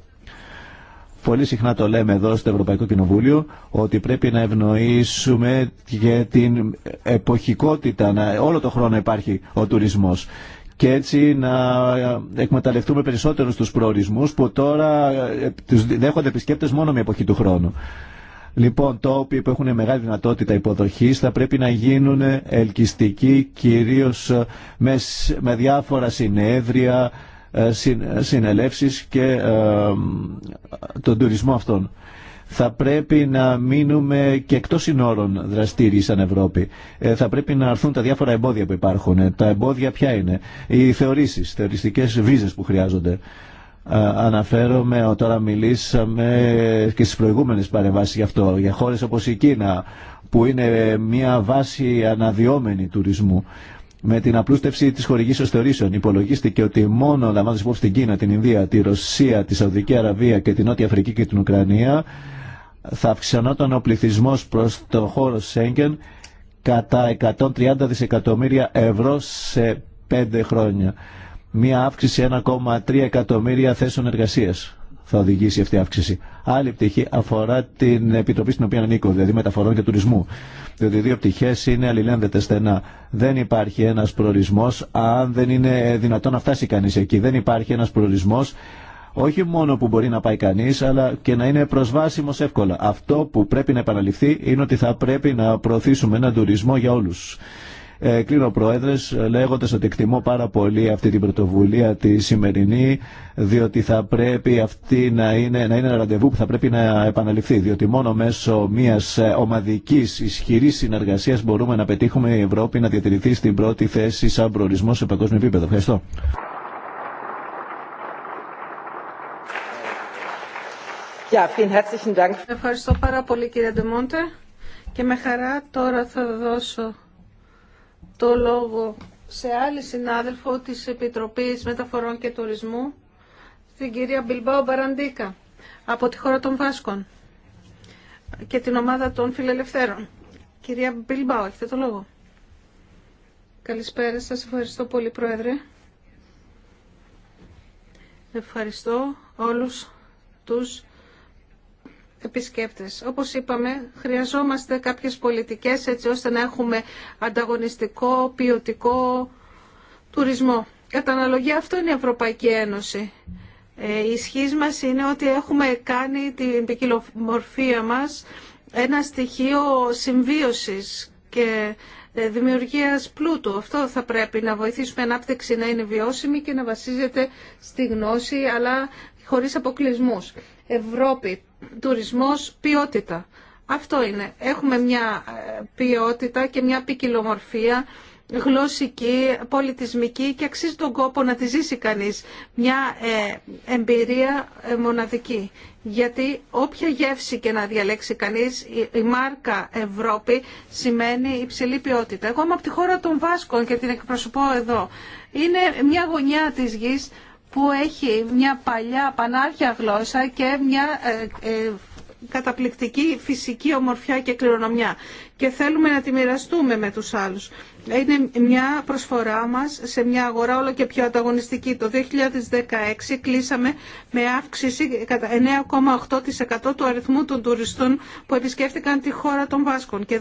Πολύ συχνά το λέμε εδώ στο Ευρωπαϊκό Κοινοβούλιο ότι πρέπει να ευνοήσουμε για την εποχικότητα, να, όλο το χρόνο υπάρχει ο τουρισμός και έτσι να εκμεταλλευτούμε περισσότερο τους προορισμούς που τώρα ε, τους δέχονται επισκέπτες μόνο με εποχή του χρόνου. Λοιπόν, τόποι που έχουν μεγάλη δυνατότητα υποδοχής θα πρέπει να γίνουν ελκυστικοί κυρίως ε, με διάφορα συνέδρια, ε, συνελεύσεις και ε, τον τουρισμό αυτών. Θα πρέπει να μείνουμε και εκτός συνόρων δραστήριοι σαν Ευρώπη. Ε, θα πρέπει να αρθούν τα διάφορα εμπόδια που υπάρχουν. Τα εμπόδια ποια είναι. Οι θεωρήσεις, θεωριστικές βίζες που χρειάζονται αναφέρομαι, τώρα μιλήσαμε και στις προηγούμενες παρεμβάσεις γι' αυτό, για χώρες όπως η Κίνα, που είναι μια βάση αναδυόμενη τουρισμού με την απλούστευση τη χορηγήσεω θεωρήσεων. Υπολογίστηκε ότι μόνο λαμβάνοντα υπόψη την Κίνα, την Ινδία, τη Ρωσία, τη Σαουδική Αραβία και την Νότια Αφρική και την Ουκρανία, θα αυξανόταν ο πληθυσμό προ το χώρο Σέγγεν κατά 130 δισεκατομμύρια ευρώ σε 5 χρόνια. Μία αύξηση 1,3 εκατομμύρια θέσεων εργασία θα οδηγήσει αυτή η αύξηση. Άλλη πτυχή αφορά την επιτροπή στην οποία ανήκω, δηλαδή μεταφορών και τουρισμού. Διότι οι δύο πτυχέ είναι αλληλένδετε στενά. Δεν υπάρχει ένα προορισμό αν δεν είναι δυνατόν να φτάσει κανεί εκεί. Δεν υπάρχει ένα προορισμό όχι μόνο που μπορεί να πάει κανεί, αλλά και να είναι προσβάσιμο εύκολα. Αυτό που πρέπει να επαναληφθεί είναι ότι θα πρέπει να προωθήσουμε έναν τουρισμό για όλου. Ε, κλείνω, Πρόεδρε, λέγοντα ότι εκτιμώ πάρα πολύ αυτή την πρωτοβουλία τη σημερινή, διότι θα πρέπει αυτή να είναι, να είναι ένα ραντεβού που θα πρέπει να επαναληφθεί. Διότι μόνο μέσω μια ε, ομαδική ισχυρή συνεργασία μπορούμε να πετύχουμε η Ευρώπη να διατηρηθεί στην πρώτη θέση σαν προορισμό σε παγκόσμιο επίπεδο. Ευχαριστώ. Ευχαριστώ πάρα πολύ κύριε Ντεμόντε και με χαρά τώρα θα δώσω το λόγο σε άλλη συνάδελφο της Επιτροπής Μεταφορών και Τουρισμού, την κυρία Μπιλμπάου Μπαραντίκα, από τη χώρα των Βάσκων και την ομάδα των Φιλελευθέρων. Κυρία Μπιλμπάου, έχετε το λόγο. Καλησπέρα σας, ευχαριστώ πολύ Πρόεδρε. Ευχαριστώ όλους τους επισκέπτες. Όπως είπαμε, χρειαζόμαστε κάποιες πολιτικές έτσι ώστε να έχουμε ανταγωνιστικό, ποιοτικό τουρισμό. Κατά αναλογία αυτό είναι η Ευρωπαϊκή Ένωση. Ε, η ισχύ μας είναι ότι έχουμε κάνει την ποικιλομορφία μας ένα στοιχείο συμβίωσης και ε, δημιουργίας πλούτου. Αυτό θα πρέπει να βοηθήσουμε ανάπτυξη να είναι βιώσιμη και να βασίζεται στη γνώση αλλά χωρίς αποκλεισμούς. Ευρώπη, τουρισμός ποιότητα. Αυτό είναι. Έχουμε μια ε, ποιότητα και μια ποικιλομορφία γλωσσική, πολιτισμική και αξίζει τον κόπο να τη ζήσει κανείς. Μια ε, εμπειρία ε, μοναδική. Γιατί όποια γεύση και να διαλέξει κανείς, η μάρκα Ευρώπη σημαίνει υψηλή ποιότητα. Εγώ είμαι από τη χώρα των Βάσκων και την εκπροσωπώ εδώ. Είναι μια γωνιά της γης που έχει μια παλιά πανάρχια γλώσσα και μια ε, ε, καταπληκτική φυσική ομορφιά και κληρονομιά. Και θέλουμε να τη μοιραστούμε με τους άλλους είναι μια προσφορά μας σε μια αγορά όλο και πιο ανταγωνιστική. Το 2016 κλείσαμε με αύξηση κατά 9,8% του αριθμού των τουριστών που επισκέφτηκαν τη χώρα των Βάσκων και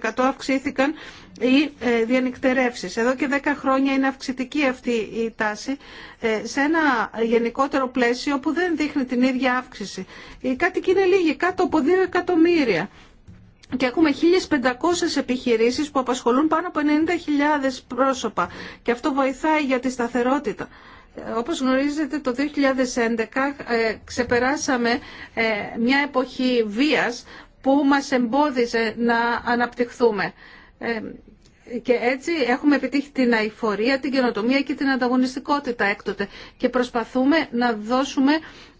12% αυξήθηκαν οι ε, διανυκτερεύσεις. Εδώ και 10 χρόνια είναι αυξητική αυτή η τάση ε, σε ένα γενικότερο πλαίσιο που δεν δείχνει την ίδια αύξηση. Οι κάτοικοι είναι λίγοι, κάτω από 2 εκατομμύρια και έχουμε 1.500 επιχειρήσεις που απασχολούν πάνω από 90.000 πρόσωπα και αυτό βοηθάει για τη σταθερότητα. Όπως γνωρίζετε το 2011 ε, ξεπεράσαμε ε, μια εποχή βίας που μας εμπόδιζε να αναπτυχθούμε. Ε, και έτσι έχουμε επιτύχει την αηφορία, την καινοτομία και την ανταγωνιστικότητα έκτοτε. Και προσπαθούμε να δώσουμε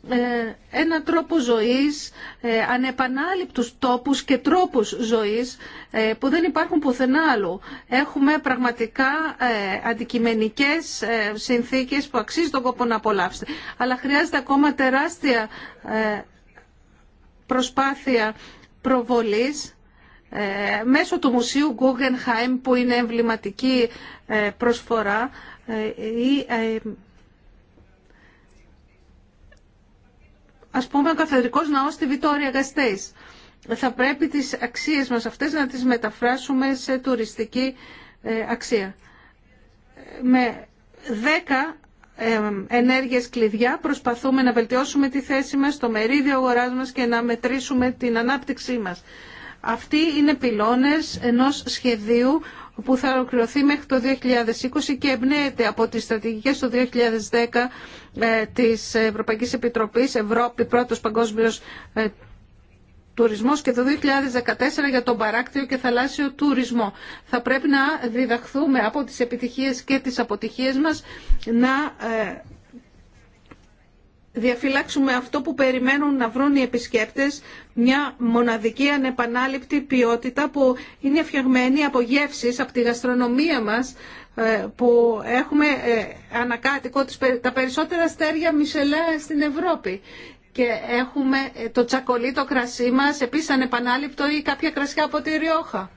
ε, ένα τρόπο ζωής, ε, ανεπανάληπτους τόπους και τρόπους ζωής ε, που δεν υπάρχουν πουθενά άλλου. Έχουμε πραγματικά αντικειμενικές συνθήκες που αξίζει τον κόπο να απολαύσετε. Αλλά χρειάζεται ακόμα τεράστια προσπάθεια προβολής μέσω του Μουσείου Guggenheim που είναι εμβληματική προσφορά ή ας πούμε ο καθεδρικός ναός στη Βιτόρια Γαστέης. Θα πρέπει τις αξίες μας αυτές να τις μεταφράσουμε σε τουριστική ε, αξία. Με δέκα ε, ενέργειες κλειδιά προσπαθούμε να βελτιώσουμε τη θέση μας, το μερίδιο αγοράς μας και να μετρήσουμε την ανάπτυξή μας. Αυτοί είναι πυλώνες ενός σχεδίου που θα ολοκληρωθεί μέχρι το 2020 και εμπνέεται από τις στρατηγικές του 2010 ε, της Ευρωπαϊκής Επιτροπής Ευρώπη, πρώτος παγκόσμιος ε, τουρισμός και το 2014 για τον παράκτιο και θαλάσσιο τουρισμό. Θα πρέπει να διδαχθούμε από τις επιτυχίες και τις αποτυχίες μας να ε, διαφυλάξουμε αυτό που περιμένουν να βρουν οι επισκέπτες, μια μοναδική ανεπανάληπτη ποιότητα που είναι φτιαγμένη από γεύσεις, από τη γαστρονομία μας, ε, που έχουμε ε, ανακάτοικο τα περισσότερα στέρια μισελέ στην Ευρώπη. Και έχουμε ε, το τσακολί, το κρασί μας, επίσης ανεπανάληπτο ή κάποια κρασιά από τη Ριόχα.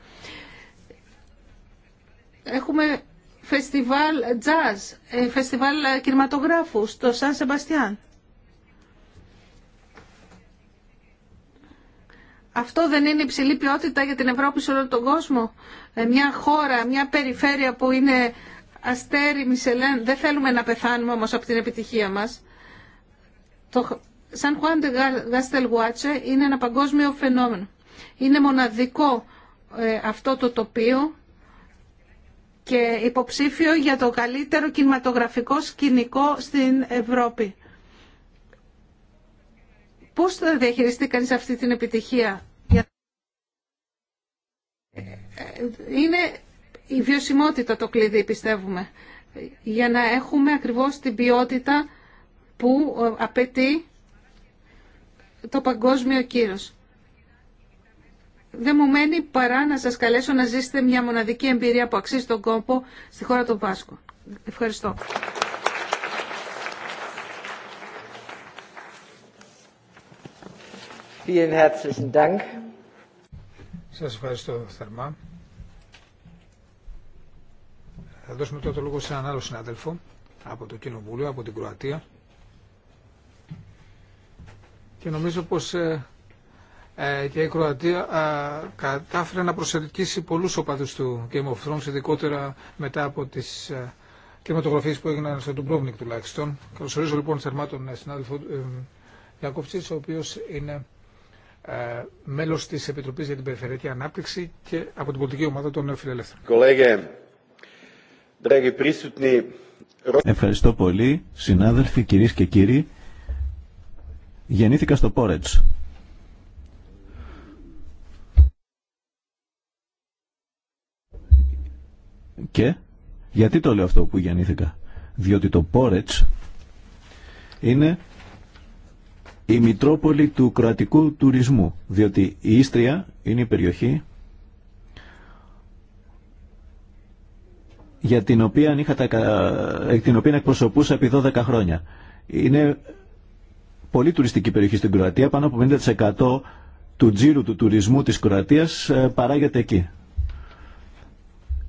Έχουμε φεστιβάλ jazz, φεστιβάλ κινηματογράφου στο Σαν Σεμπαστιάν. Αυτό δεν είναι υψηλή ποιότητα για την Ευρώπη σε όλο τον κόσμο. Ε, μια χώρα, μια περιφέρεια που είναι αστέρι, μισελέν. Δεν θέλουμε να πεθάνουμε όμως από την επιτυχία μας. Το Σαν Χουάν Γαστελγουάτσε είναι ένα παγκόσμιο φαινόμενο. Είναι μοναδικό ε, αυτό το τοπίο και υποψήφιο για το καλύτερο κινηματογραφικό σκηνικό στην Ευρώπη. Πώς θα διαχειριστεί κανείς αυτή την επιτυχία. Είναι η βιωσιμότητα το κλειδί πιστεύουμε για να έχουμε ακριβώς την ποιότητα που ε, απαιτεί το παγκόσμιο κύρος. Δεν μου μένει παρά να σας καλέσω να ζήσετε μια μοναδική εμπειρία που αξίζει τον κόπο στη χώρα των Πάσκων. Ευχαριστώ. Vielen herzlichen Dank. Σας ευχαριστώ θερμά. Θα δώσουμε τώρα το λόγο σε έναν άλλο συνάδελφο από το Κοινοβούλιο, από την Κροατία. Και νομίζω πως ε, ε και η Κροατία ε, κατάφερε να προσελκύσει πολλούς οπαδούς του Game of Thrones, ειδικότερα μετά από τις ε, που έγιναν στον Τουμπρόβνικ τουλάχιστον. Καλωσορίζω λοιπόν θερμά τον ε, συνάδελφο ε, ο οποίος είναι ε, μέλος της Επιτροπής για την Περιφερειακή Ανάπτυξη και από την πολιτική ομάδα των Νέων Φιλελεύθερων. Ευχαριστώ πολύ, συνάδελφοι, κυρίες και κύριοι. Γεννήθηκα στο Πόρετς. Και γιατί το λέω αυτό που γεννήθηκα. Διότι το Πόρετς είναι η Μητρόπολη του κρατικού τουρισμού, διότι η Ίστρια είναι η περιοχή για την οποία, είχα τα, την οποία εκπροσωπούσα επί 12 χρόνια. Είναι πολύ τουριστική περιοχή στην Κροατία, πάνω από 50% του τζίρου του τουρισμού της Κροατίας ε, παράγεται εκεί.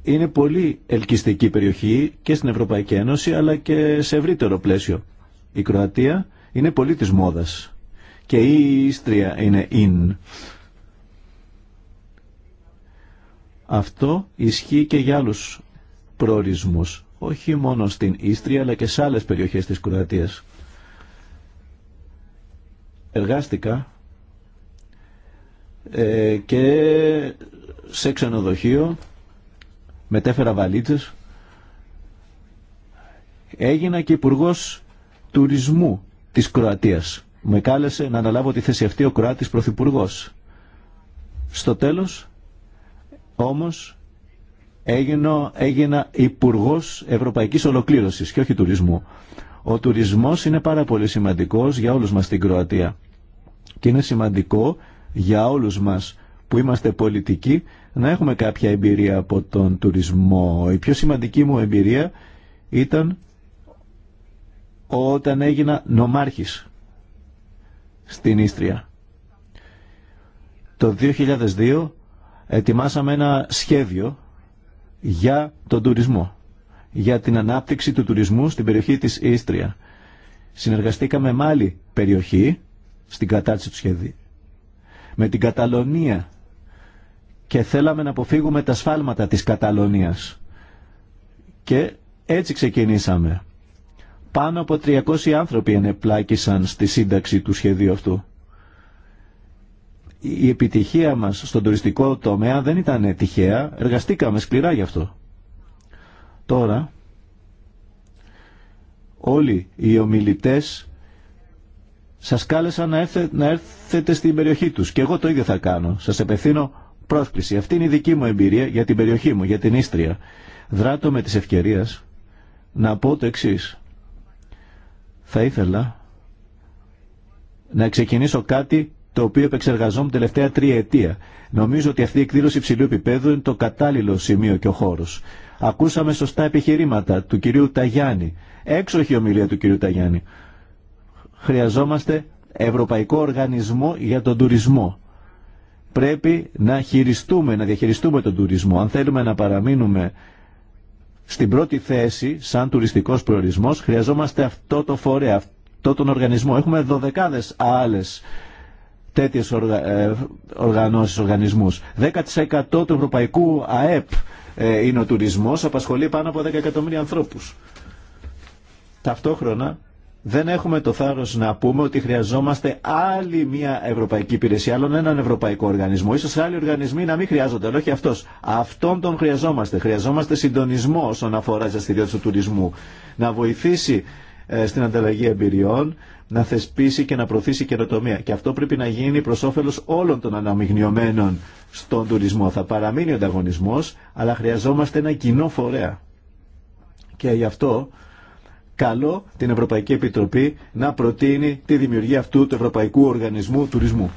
Είναι πολύ ελκυστική περιοχή και στην Ευρωπαϊκή Ένωση αλλά και σε ευρύτερο πλαίσιο. Η Κροατία είναι πολύ της μόδας. Και η Ίστρια είναι in. Αυτό ισχύει και για άλλους προορισμούς, όχι μόνο στην Ίστρια αλλά και σε άλλες περιοχές της Κροατίας. Εργάστηκα ε, και σε ξενοδοχείο μετέφερα βαλίτσες έγινα και υπουργό τουρισμού της Κροατίας. Με κάλεσε να αναλάβω τη θέση αυτή ο Κροάτης Πρωθυπουργό. Στο τέλος, όμως, έγινα, έγινα υπουργό Ευρωπαϊκής Ολοκλήρωσης και όχι τουρισμού. Ο τουρισμός είναι πάρα πολύ σημαντικός για όλους μας στην Κροατία. Και είναι σημαντικό για όλους μας που είμαστε πολιτικοί να έχουμε κάποια εμπειρία από τον τουρισμό. Η πιο σημαντική μου εμπειρία ήταν όταν έγινα νομάρχης στην Ίστρια. Το 2002 ετοιμάσαμε ένα σχέδιο για τον τουρισμό, για την ανάπτυξη του τουρισμού στην περιοχή της Ίστρια. Συνεργαστήκαμε με άλλη περιοχή στην κατάρτιση του σχεδίου, με την Καταλωνία και θέλαμε να αποφύγουμε τα σφάλματα της Καταλωνίας. Και έτσι ξεκινήσαμε πάνω από 300 άνθρωποι ενεπλάκησαν στη σύνταξη του σχεδίου αυτού. Η επιτυχία μας στον τουριστικό τομέα δεν ήταν τυχαία, εργαστήκαμε σκληρά γι' αυτό. Τώρα, όλοι οι ομιλητές σας κάλεσαν να, έρθετε στην περιοχή τους και εγώ το ίδιο θα κάνω. Σας επευθύνω πρόσκληση. Αυτή είναι η δική μου εμπειρία για την περιοχή μου, για την Ίστρια. Δράτω με της ευκαιρίας να πω το εξής. Θα ήθελα να ξεκινήσω κάτι το οποίο επεξεργαζόμουν τελευταία τρία ετία. Νομίζω ότι αυτή η εκδήλωση υψηλού επίπεδου είναι το κατάλληλο σημείο και ο χώρο. Ακούσαμε σωστά επιχειρήματα του κυρίου Ταγιάννη. Έξοχη ομιλία του κυρίου Ταγιάννη. Χρειαζόμαστε Ευρωπαϊκό Οργανισμό για τον Τουρισμό. Πρέπει να χειριστούμε, να διαχειριστούμε τον τουρισμό. Αν θέλουμε να παραμείνουμε στην πρώτη θέση, σαν τουριστικός προορισμός, χρειαζόμαστε αυτό το φορέα, αυτό τον οργανισμό. Έχουμε δωδεκάδες άλλες τέτοιες οργα... Ε, οργανώσεις, οργανισμούς. 10% του ευρωπαϊκού ΑΕΠ ε, είναι ο τουρισμός, απασχολεί πάνω από 10 εκατομμύρια ανθρώπους. Ταυτόχρονα δεν έχουμε το θάρρος να πούμε ότι χρειαζόμαστε άλλη μια ευρωπαϊκή υπηρεσία, άλλον έναν ευρωπαϊκό οργανισμό. Ίσως άλλοι οργανισμοί να μην χρειάζονται, αλλά όχι αυτός. Αυτόν τον χρειαζόμαστε. Χρειαζόμαστε συντονισμό όσον αφορά τις δραστηριότητε του τουρισμού. Να βοηθήσει ε, στην ανταλλαγή εμπειριών, να θεσπίσει και να προωθήσει καινοτομία. Και αυτό πρέπει να γίνει προ όφελο όλων των αναμειγνιωμένων στον τουρισμό. Θα παραμείνει ο ανταγωνισμό, αλλά χρειαζόμαστε ένα κοινό φορέα. Και γι' αυτό καλό την Ευρωπαϊκή Επιτροπή να προτείνει τη δημιουργία αυτού του Ευρωπαϊκού Οργανισμού Τουρισμού.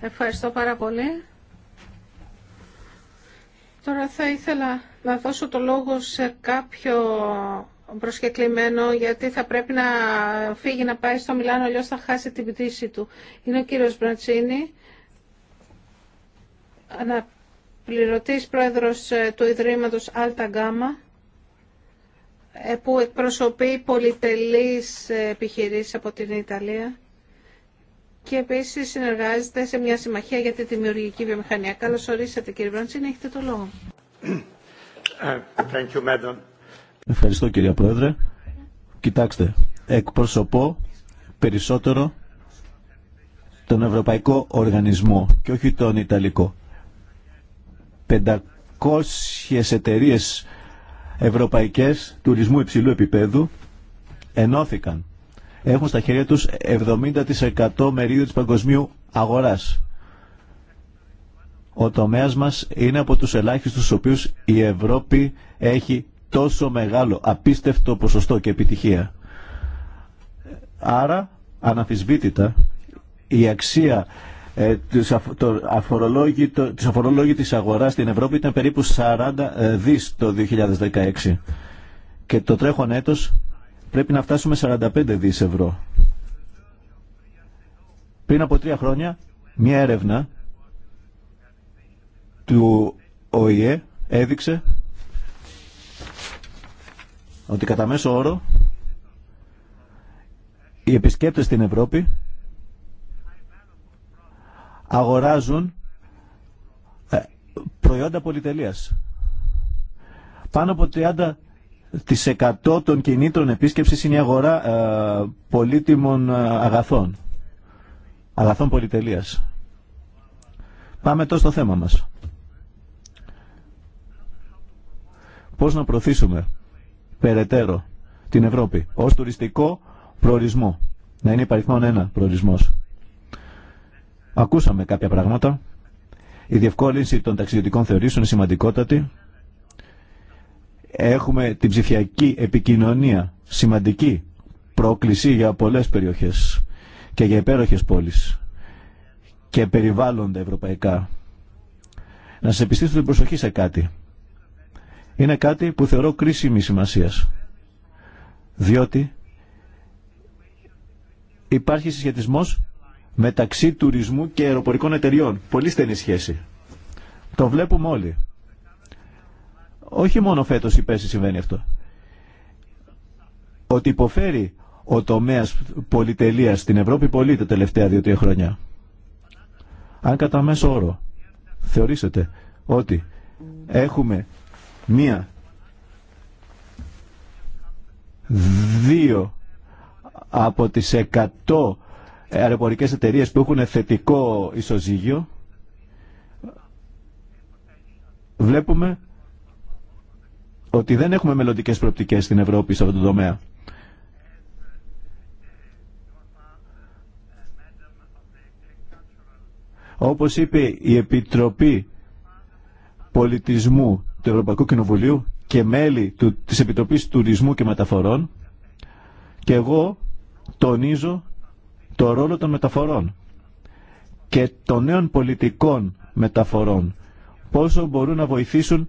Ευχαριστώ πάρα πολύ. Τώρα θα ήθελα να δώσω το λόγο σε κάποιο προσκεκλημένο, γιατί θα πρέπει να φύγει να πάει στο Μιλάνο, αλλιώς θα χάσει την πτήση του. Είναι ο κύριος Μπρατσίνη, πληρωτής πρόεδρος ε, του Ιδρύματος Αλτα Γκάμα, ε, που εκπροσωπεί πολυτελείς ε, επιχειρήσεις από την Ιταλία και επίσης συνεργάζεται σε μια συμμαχία για τη δημιουργική βιομηχανία. Καλώς ορίσατε κύριε Βρόντσιν, έχετε το λόγο. Ευχαριστώ κύριε Πρόεδρε. Κοιτάξτε, εκπροσωπώ περισσότερο τον Ευρωπαϊκό Οργανισμό και όχι τον Ιταλικό. 500 εταιρείε ευρωπαϊκές τουρισμού υψηλού επίπεδου ενώθηκαν. Έχουν στα χέρια τους 70% μερίδιο της παγκοσμίου αγοράς. Ο τομέας μας είναι από τους ελάχιστους στους οποίους η Ευρώπη έχει τόσο μεγάλο, απίστευτο ποσοστό και επιτυχία. Άρα, αναφυσβήτητα, η αξία ε, το αφορολόγητο, τους αγοράς στην Ευρώπη ήταν περίπου 40 ε, δις το 2016 και το τρέχον έτος πρέπει να φτάσουμε 45 δις ευρώ. Πριν από τρία χρόνια μια έρευνα του ΟΗΕ έδειξε ότι κατά μέσο όρο οι επισκέπτες στην Ευρώπη αγοράζουν ε, προϊόντα πολυτελείας. Πάνω από 30% των κινήτρων επίσκεψης είναι η αγορά ε, πολύτιμων ε, αγαθών. Αγαθών πολυτελείας. Πάμε τώρα στο θέμα μας. Πώς να προωθήσουμε περαιτέρω την Ευρώπη ως τουριστικό προορισμό. Να είναι υπαριθμόν ένα προορισμός. Ακούσαμε κάποια πράγματα. Η διευκόλυνση των ταξιδιωτικών θεωρήσεων είναι σημαντικότατη. Έχουμε την ψηφιακή επικοινωνία, σημαντική πρόκληση για πολλές περιοχές και για υπέροχες πόλεις και περιβάλλοντα ευρωπαϊκά. Να σας επιστήσω την προσοχή σε κάτι. Είναι κάτι που θεωρώ κρίσιμη σημασία. Διότι υπάρχει συσχετισμός μεταξύ τουρισμού και αεροπορικών εταιριών. Πολύ στενή σχέση. Το βλέπουμε όλοι. Όχι μόνο φέτος ή πέρσι συμβαίνει αυτό. Ότι υποφέρει ο τομέας πολυτελείας στην Ευρώπη πολύ τα τελευταία δύο-τρία χρόνια. Αν κατά μέσο όρο θεωρήσετε ότι έχουμε μία, δύο από τις εκατό αεροπορικές εταιρείες που έχουν θετικό ισοζύγιο βλέπουμε ότι δεν έχουμε μελλοντικέ προοπτικές στην Ευρώπη σε αυτό το τομέα. Όπως είπε η Επιτροπή Πολιτισμού του Ευρωπαϊκού Κοινοβουλίου και μέλη του, της Επιτροπής Τουρισμού και Μεταφορών και εγώ τονίζω το ρόλο των μεταφορών και των νέων πολιτικών μεταφορών. Πόσο μπορούν να βοηθήσουν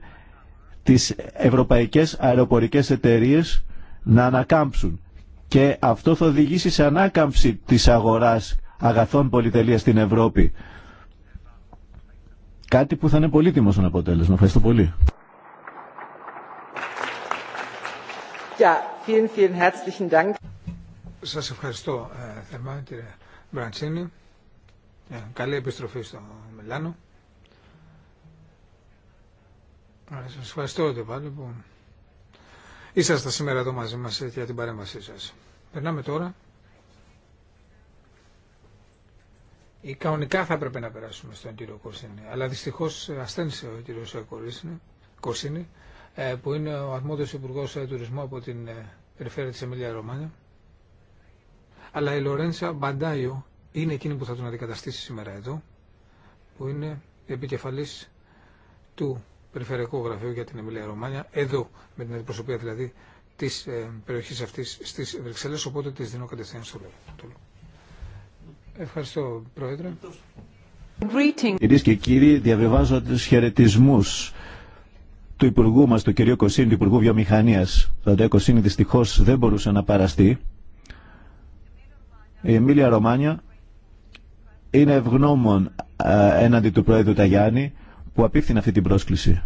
τις ευρωπαϊκές αεροπορικές εταιρείες να ανακάμψουν. Και αυτό θα οδηγήσει σε ανάκαμψη της αγοράς αγαθών πολυτελείας στην Ευρώπη. Κάτι που θα είναι πολύτιμο στον αποτέλεσμα. Ευχαριστώ πολύ. vielen, σας ευχαριστώ ε, θερμά κύριε Μπραντσίνη. Ε, καλή επιστροφή στο Μιλάνο. Ε, σας ευχαριστώ ότι πάλι που ήσασταν σήμερα εδώ μαζί μας για την παρέμβασή σας. Περνάμε τώρα. Ή κανονικά θα έπρεπε να περάσουμε στον κύριο Κορσίνη, αλλά δυστυχώς ασθένησε ο κύριος Κορσίνη, που είναι ο αρμόδιος υπουργός τουρισμού από την περιφέρεια της Εμίλια Ρωμάνια αλλά η Λορένσα Μπαντάιο είναι εκείνη που θα τον αντικαταστήσει σήμερα εδώ, που είναι επικεφαλής του Περιφερειακού Γραφείου για την Εμιλία Ρωμάνια, εδώ με την αντιπροσωπεία δηλαδή τη ε, περιοχή αυτή στι Βρυξέλλε, οπότε τη δίνω κατευθείαν στο λόγο. Ευχαριστώ, Πρόεδρε. Κυρίε και κύριοι, διαβιβάζω του χαιρετισμού του Υπουργού μα, του κ. Κωσίνη, του Υπουργού Βιομηχανία. Ο κ. Κωσίνη δυστυχώ δεν μπορούσε να παραστεί. Η Εμίλια Ρωμάνια είναι ευγνώμων ε, έναντι του Πρόεδρου Ταγιάννη που απίφθηνε αυτή την πρόσκληση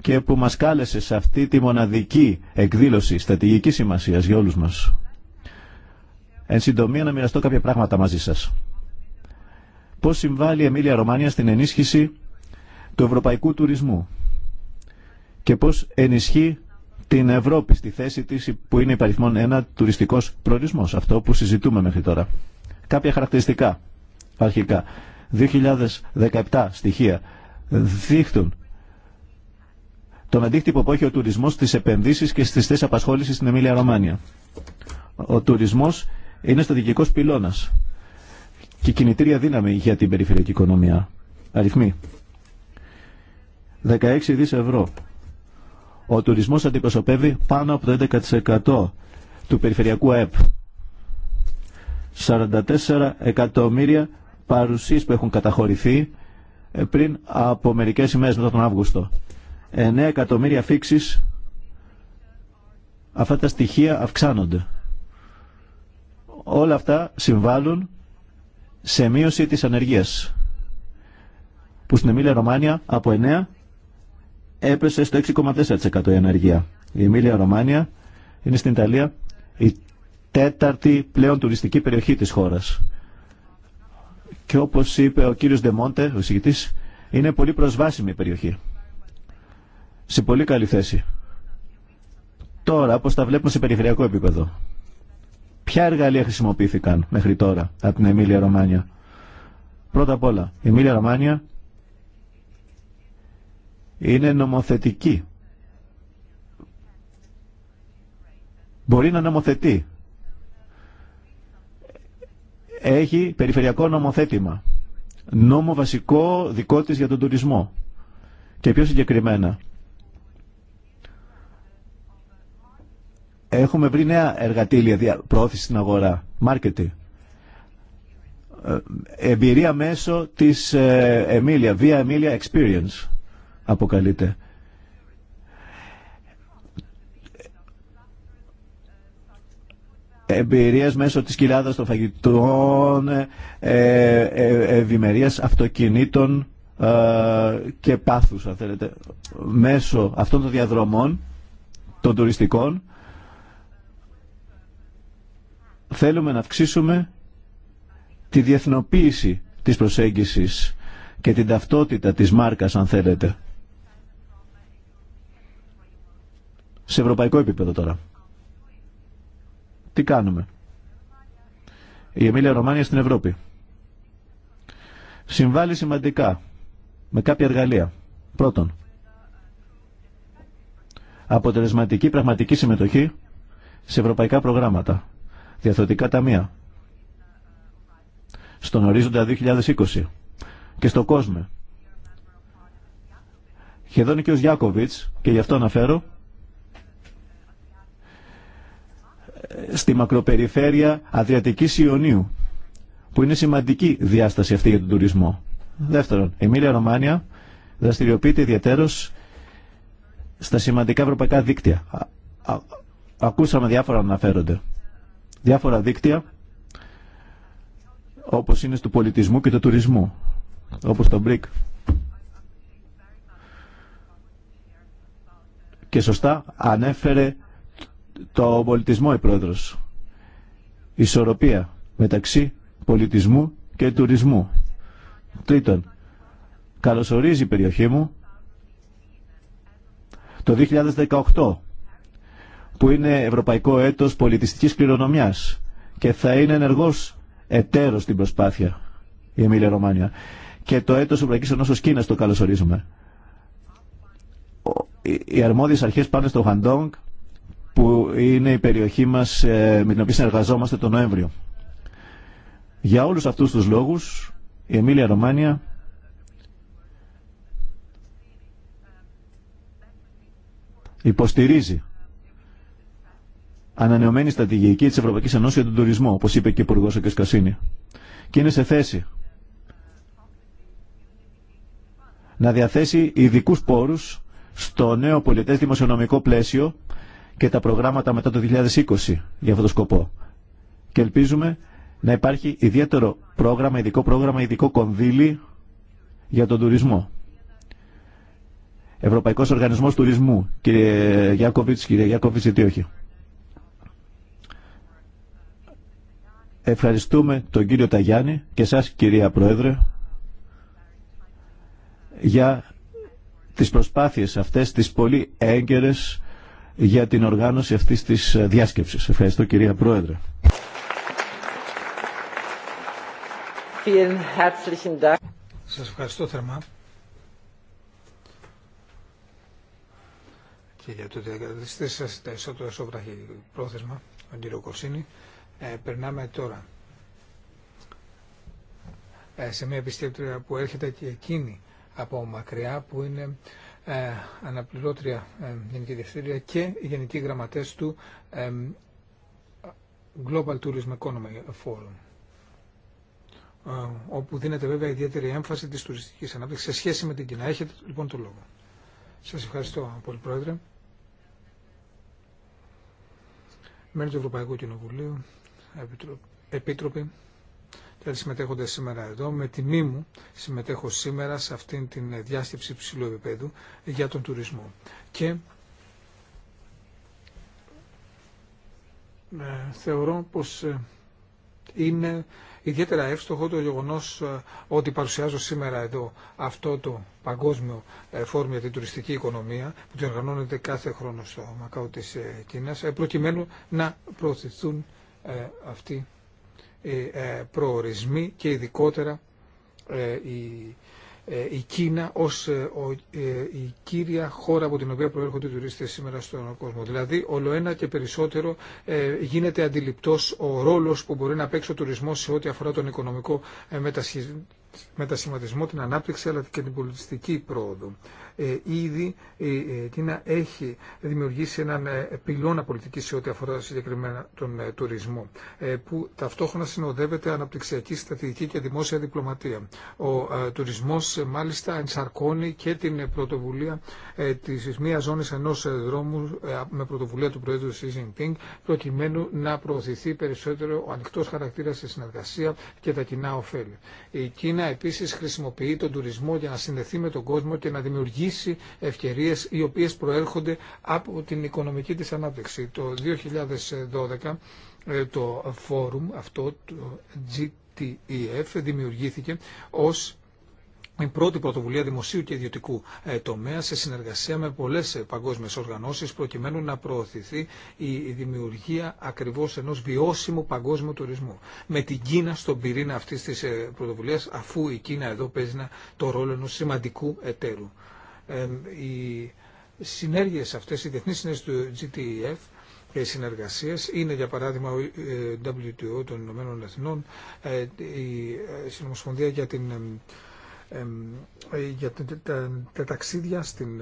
και που μας κάλεσε σε αυτή τη μοναδική εκδήλωση στρατηγικής σημασίας για όλους μας. Εν συντομία να μοιραστώ κάποια πράγματα μαζί σας. Πώς συμβάλλει η Εμίλια Ρωμάνια στην ενίσχυση του ευρωπαϊκού τουρισμού και πώς ενισχύει την Ευρώπη στη θέση της που είναι υπαριθμόν ένα τουριστικός προορισμός, αυτό που συζητούμε μέχρι τώρα. Κάποια χαρακτηριστικά αρχικά. 2017 στοιχεία δείχνουν τον αντίκτυπο που έχει ο τουρισμός στις επενδύσεις και στις θέσεις απασχόλησης στην Εμίλια Ρωμάνια. Ο τουρισμός είναι στρατηγικός πυλώνας και κινητήρια δύναμη για την περιφερειακή οικονομία. Αριθμοί. 16 δις ευρώ ο τουρισμός αντιπροσωπεύει πάνω από το 11% του περιφερειακού ΕΠ. 44 εκατομμύρια παρουσίες που έχουν καταχωρηθεί ε, πριν από μερικές ημέρες μετά τον Αύγουστο. 9 εκατομμύρια φίξεις. Αυτά τα στοιχεία αυξάνονται. Όλα αυτά συμβάλλουν σε μείωση της ανεργίας που στην Εμίλια Ρωμάνια από 9 έπεσε στο 6,4% η ανεργία. Η Εμίλια Ρωμάνια είναι στην Ιταλία η τέταρτη πλέον τουριστική περιοχή της χώρας. Και όπως είπε ο κύριος Ντεμόντε, ο συγκητής, είναι πολύ προσβάσιμη η περιοχή. Σε πολύ καλή θέση. Τώρα, όπως τα βλέπουμε σε περιφερειακό επίπεδο, ποια εργαλεία χρησιμοποιήθηκαν μέχρι τώρα από την Εμίλια Ρωμάνια. Πρώτα απ' όλα, η Εμίλια Ρωμάνια είναι νομοθετική. Μπορεί να νομοθετεί. Έχει περιφερειακό νομοθέτημα. Νόμο βασικό δικό της για τον τουρισμό. Και πιο συγκεκριμένα. Έχουμε βρει νέα εργατήλια προώθηση στην αγορά. Μάρκετι. Ε, εμπειρία μέσω της Εμίλια, Via Emilia Experience αποκαλείται. Εμπειρίες μέσω της κοιλάδας των φαγητών, ε, ε, ε αυτοκινήτων ε, και πάθους, αν θέλετε. Μέσω αυτών των διαδρομών, των τουριστικών, θέλουμε να αυξήσουμε τη διεθνοποίηση της προσέγγισης και την ταυτότητα της μάρκας, αν θέλετε. σε ευρωπαϊκό επίπεδο τώρα. Τι κάνουμε. Η Εμίλια Ρωμάνια στην Ευρώπη. Συμβάλλει σημαντικά με κάποια εργαλεία. Πρώτον, αποτελεσματική πραγματική συμμετοχή σε ευρωπαϊκά προγράμματα, διαθωτικά ταμεία, στον ορίζοντα 2020 και στο κόσμο. Και και ο Γιάκοβιτς και γι' αυτό αναφέρω στη μακροπεριφέρεια Αδριατικής Ιωνίου, που είναι σημαντική διάσταση αυτή για τον τουρισμό. Δεύτερον, η Μίλια Ρωμάνια δραστηριοποιείται ιδιαίτερως στα σημαντικά ευρωπαϊκά δίκτυα. Ακούσαμε διάφορα να αναφέρονται. Διάφορα δίκτυα, όπως είναι του πολιτισμού και του τουρισμού, όπως το BRIC. Και σωστά ανέφερε το πολιτισμό η πρόεδρος. Ισορροπία μεταξύ πολιτισμού και τουρισμού. Τρίτον, καλωσορίζει η περιοχή μου το 2018 που είναι Ευρωπαϊκό Έτος Πολιτιστικής Κληρονομιάς και θα είναι ενεργός εταίρος στην προσπάθεια η Εμίλια Ρωμάνια. Και το έτος Ευρωπαϊκής Ενώσεως Κίνας το καλωσορίζουμε. Οι αρμόδιες αρχές πάνε στο Χαντόγκ που είναι η περιοχή μας ε, με την οποία συνεργαζόμαστε τον Νοέμβριο. Για όλους αυτούς τους λόγους η Εμίλια Ρωμάνια υποστηρίζει ανανεωμένη στρατηγική της Ευρωπαϊκής Ενώσης για τον τουρισμό, όπως είπε και ο Υπουργός ο κ. Και είναι σε θέση να διαθέσει ειδικού πόρους στο νέο πολιτές δημοσιονομικό πλαίσιο και τα προγράμματα μετά το 2020 για αυτό το σκοπό. Και ελπίζουμε να υπάρχει ιδιαίτερο πρόγραμμα, ειδικό πρόγραμμα, ειδικό κονδύλι για τον τουρισμό. Ευρωπαϊκός Οργανισμός Τουρισμού, κύριε Γιάκοβιτς, κύριε Γιάκοβιτς, γιατί όχι. Ευχαριστούμε τον κύριο Ταγιάννη και σας κυρία Πρόεδρε για τις προσπάθειες αυτές, τις πολύ έγκαιρες για την οργάνωση αυτής της ε, διάσκεψης. Ευχαριστώ κυρία Πρόεδρε. Σας ευχαριστώ θερμά. Και για το διακρατιστή σας τα ισότερα σοβραχή πρόθεσμα, τον κύριο Κωσίνη, ε, περνάμε τώρα ε, σε μια επισκέπτρια που έρχεται και εκείνη από μακριά, που είναι ε, αναπληρώτρια ε, γενική διευθύντρια και οι γενικοί γραμματές του ε, Global Tourism Economy Forum όπου δίνεται βέβαια ιδιαίτερη έμφαση της τουριστικής ανάπτυξης σε σχέση με την Κίνα. Έχετε λοιπόν το λόγο. Σας ευχαριστώ πολύ Πρόεδρε. Μέλη του Ευρωπαϊκού Κοινοβουλίου, Επίτροπη, συμμετέχονται σήμερα εδώ. Με τιμή μου συμμετέχω σήμερα σε αυτήν την διάσκεψη ψηλού επίπεδου για τον τουρισμό. Και ε, θεωρώ πως ε, είναι ιδιαίτερα εύστοχο το γεγονός ε, ότι παρουσιάζω σήμερα εδώ αυτό το παγκόσμιο φόρμα για την τουριστική οικονομία που διοργανώνεται κάθε χρόνο στο Μακάο της Κίνας προκειμένου να προωθηθούν αυτοί ε, ε, προορισμοί και ειδικότερα ε, η, η Κίνα ως η κύρια χώρα από την οποία προέρχονται οι τουρίστες σήμερα στον κόσμο. Δηλαδή όλο ένα και περισσότερο γίνεται αντιληπτός ο ρόλος που μπορεί να παίξει ο τουρισμός σε ό,τι αφορά τον οικονομικό μετασχηματισμό, την ανάπτυξη αλλά και την πολιτιστική πρόοδο. Ε, ήδη ε, ε, η Κίνα έχει δημιουργήσει έναν ε, πυλώνα πολιτική σε ό,τι αφορά συγκεκριμένα τον τουρισμό, που ταυτόχρονα συνοδεύεται αναπτυξιακή στρατηγική και δημόσια διπλωματία. Ο τουρισμός μάλιστα ενσαρκώνει και την πρωτοβουλία τη μία ζώνης ενός δρόμου με πρωτοβουλία του Προέδρου Xi Jinping, προκειμένου να προωθηθεί περισσότερο ο ανοιχτό χαρακτήρα στη συνεργασία και τα κοινά ωφέλη. Η επίσης χρησιμοποιεί τον τουρισμό για να συνδεθεί με τον κόσμο και να δημιουργήσει ευκαιρίες οι οποίες προέρχονται από την οικονομική της ανάπτυξη. Το 2012 ε, το φόρουμ αυτό, το GTEF, δημιουργήθηκε ως η πρώτη πρωτοβουλία δημοσίου και ιδιωτικού ε, τομέα σε συνεργασία με πολλέ ε, παγκόσμιε οργανώσει προκειμένου να προωθηθεί η δημιουργία ακριβώ ενό βιώσιμου παγκόσμιου τουρισμού. Με την Κίνα στον πυρήνα αυτή τη ε, πρωτοβουλία αφού η Κίνα εδώ παίζει το ρόλο ενό σημαντικού εταίρου. Οι συνέργειε αυτέ, οι διεθνεί συνέργειε του GTEF και συνεργασίες είναι για παράδειγμα ο WTO των Ηνωμένων Εθνών, η Συνομοσπονδία για την ε, για τα ταξίδια στην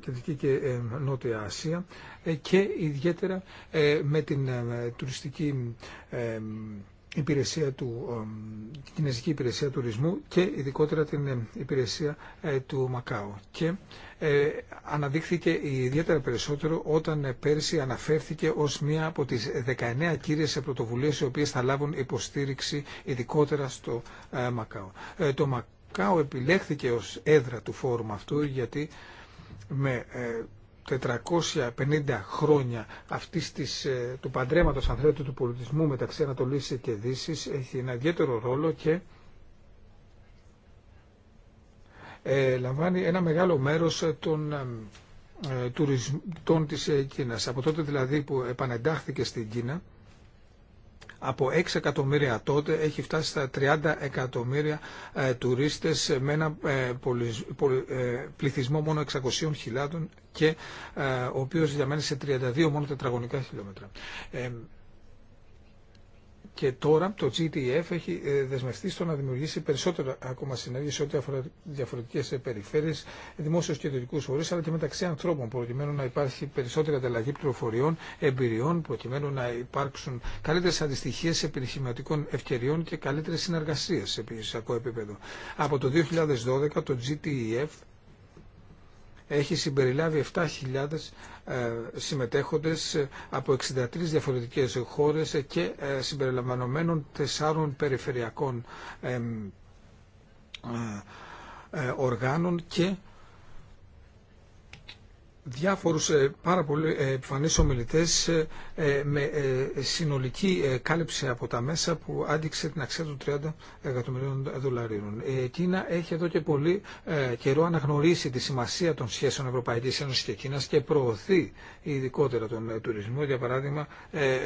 Κεντρική και Νότια Ασία ε, και ιδιαίτερα ε, με την τουριστική υπηρεσία του, την Κινέζικη Υπηρεσία Τουρισμού και ειδικότερα την υπηρεσία του Μακάο. Και αναδείχθηκε ιδιαίτερα περισσότερο όταν πέρσι αναφέρθηκε ως μία από τις 19 κύριες πρωτοβουλίες οι οποίες θα λάβουν υποστήριξη ειδικότερα στο Μακάο. ΚΑΟ επιλέχθηκε ως έδρα του φόρουμ αυτού γιατί με 450 ε, χρόνια αυτή της, ε, του παντρέματος αν του πολιτισμού μεταξύ Ανατολής και Δύσης έχει ένα ιδιαίτερο ρόλο και ε, λαμβάνει ένα μεγάλο μέρος των ε, ε τουριστών της Κίνας. Από τότε δηλαδή που επανεντάχθηκε στην Κίνα από 6 εκατομμύρια τότε έχει φτάσει στα 30 εκατομμύρια ε, τουρίστες με ένα ε, ε, πληθυσμό μόνο 600.000 και ο οποίος διαμένει σε 32 μόνο τετραγωνικά χιλιόμετρα. Και τώρα το GTF έχει ε, δεσμευτεί στο να δημιουργήσει περισσότερα ακόμα συνέργεια σε ό,τι αφορά διαφορετικέ περιφέρειε, δημόσιου και ιδιωτικού φορεί, αλλά και μεταξύ ανθρώπων, προκειμένου να υπάρχει περισσότερη ανταλλαγή πληροφοριών, εμπειριών, προκειμένου να υπάρξουν καλύτερε αντιστοιχίε επιχειρηματικών ευκαιριών και καλύτερε συνεργασίε σε επιχειρησιακό επίπεδο. Από το 2012 το GTF έχει συμπεριλάβει 7.000 ε, συμμετέχοντες από 63 διαφορετικές χώρες και ε, συμπεριλαμβανομένων τεσσάρων περιφερειακών ε, οργάνων και διάφορους ε, πάρα πολύ ε, επιφανείς ομιλητές ε, με συνολική κάλυψη από τα μέσα που άντυξε την αξία των 30 εκατομμυρίων δολαρίων. Η Κίνα έχει εδώ και πολύ καιρό αναγνωρίσει τη σημασία των σχέσεων Ευρωπαϊκής Ένωσης και Κίνας και προωθεί ειδικότερα τον τουρισμό, για παράδειγμα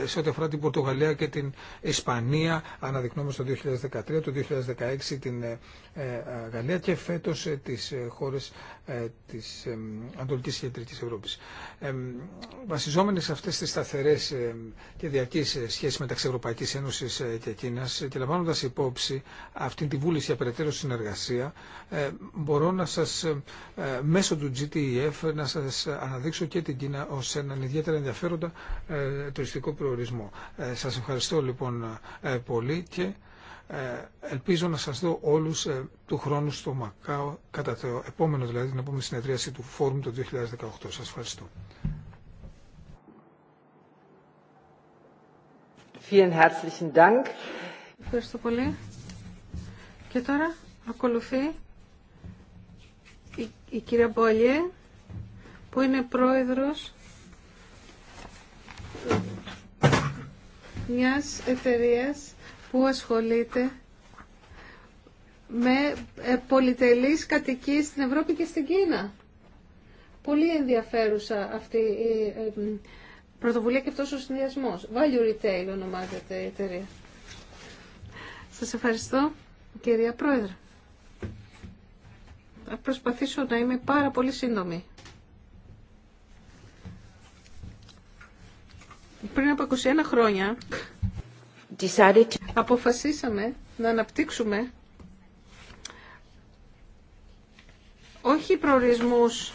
σε ό,τι αφορά την Πορτογαλία και την Ισπανία, αναδεικνώμε το 2013, το 2016 την Γαλλία και φέτος τις χώρες της Ανατολικής και της Ευρώπης. βασιζόμενοι σε αυτές τις σταθερές και διαρκεί ε, σχέσεις μεταξύ Ευρωπαϊκή Ένωση ε, και Κίνα, ε, και λαμβάνοντα υπόψη αυτή τη βούληση για περαιτέρω συνεργασία, μπορώ να σας μέσω του GTEF να σας αναδείξω και την Κίνα ω έναν ιδιαίτερα ενδιαφέροντα τουριστικό προορισμό. Σας ευχαριστώ λοιπόν πολύ και ε, ελπίζω να σας δω όλους ε, του χρόνου στο Μακάο, κατά το επόμενο δηλαδή, την επόμενη συνεδρίαση του Φόρουμ το 2018. Σας ευχαριστώ. Ευχαριστώ πολύ. Και τώρα ακολουθεί η, η κυρία Μπολιέ, που είναι πρόεδρος μιας εταιρείας που ασχολείται με ε, πολυτελείς κατοικίες στην Ευρώπη και στην Κίνα. Πολύ ενδιαφέρουσα αυτή η ε, πρωτοβουλία και αυτός ο συνδυασμός. Value Retail ονομάζεται η εταιρεία. Σας ευχαριστώ, κυρία Πρόεδρε. Θα προσπαθήσω να είμαι πάρα πολύ σύντομη. Πριν από 21 χρόνια, decided... Αποφασίσαμε να αναπτύξουμε όχι προορισμούς,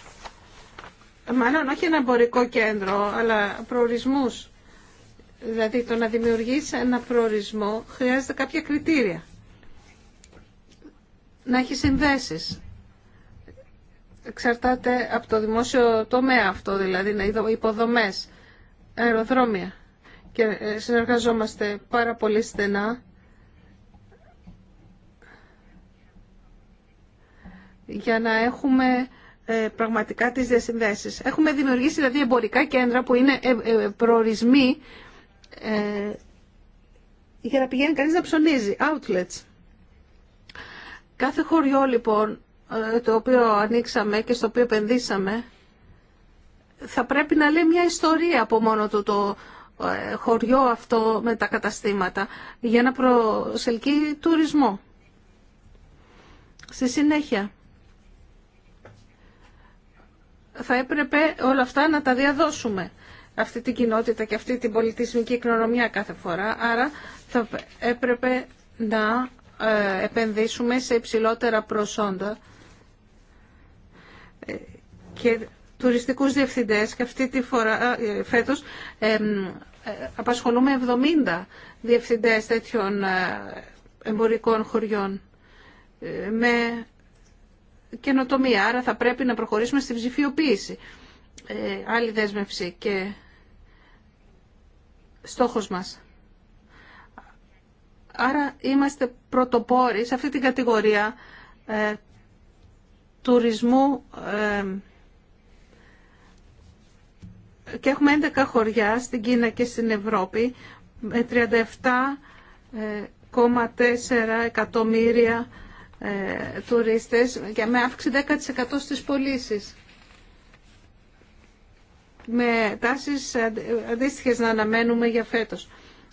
μάλλον όχι ένα εμπορικό κέντρο, αλλά προορισμούς. Δηλαδή το να δημιουργήσει ένα προορισμό χρειάζεται κάποια κριτήρια. Να έχει συνδέσεις. Εξαρτάται από το δημόσιο τομέα αυτό, δηλαδή να υποδομές, αεροδρόμια και ε, συνεργαζόμαστε πάρα πολύ στενά για να έχουμε ε, πραγματικά τις διασυνδέσεις. Έχουμε δημιουργήσει δηλαδή εμπορικά κέντρα που είναι ε, προορισμοί για να πηγαίνει κανείς να ψωνίζει, outlets. Κάθε χωριό λοιπόν το οποίο ανοίξαμε και στο οποίο επενδύσαμε θα πρέπει να λέει μια ιστορία από μόνο του το ε, χωριό αυτό με τα καταστήματα για να προσελκύει τουρισμό. Στη συνέχεια θα έπρεπε όλα αυτά να τα διαδώσουμε αυτή την κοινότητα και αυτή την πολιτισμική οικονομία κάθε φορά. Άρα θα έπρεπε να ε, επενδύσουμε σε υψηλότερα προσόντα ε, και τουριστικούς διευθυντές και αυτή τη φορά ε, φέτος ε, απασχολούμε 70 διευθυντές τέτοιων ε, εμπορικών χωριών με καινοτομία. Άρα θα πρέπει να προχωρήσουμε στη ψηφιοποίηση. άλλη δέσμευση και στόχος μας. Άρα είμαστε πρωτοπόροι σε αυτή την κατηγορία τουρισμού και έχουμε 11 χωριά στην Κίνα και στην Ευρώπη με 37,4 ε, εκατομμύρια ε, τουρίστες και με αύξηση 10% στις πωλήσει. Με τάσεις αντίστοιχες να αναμένουμε για φέτος.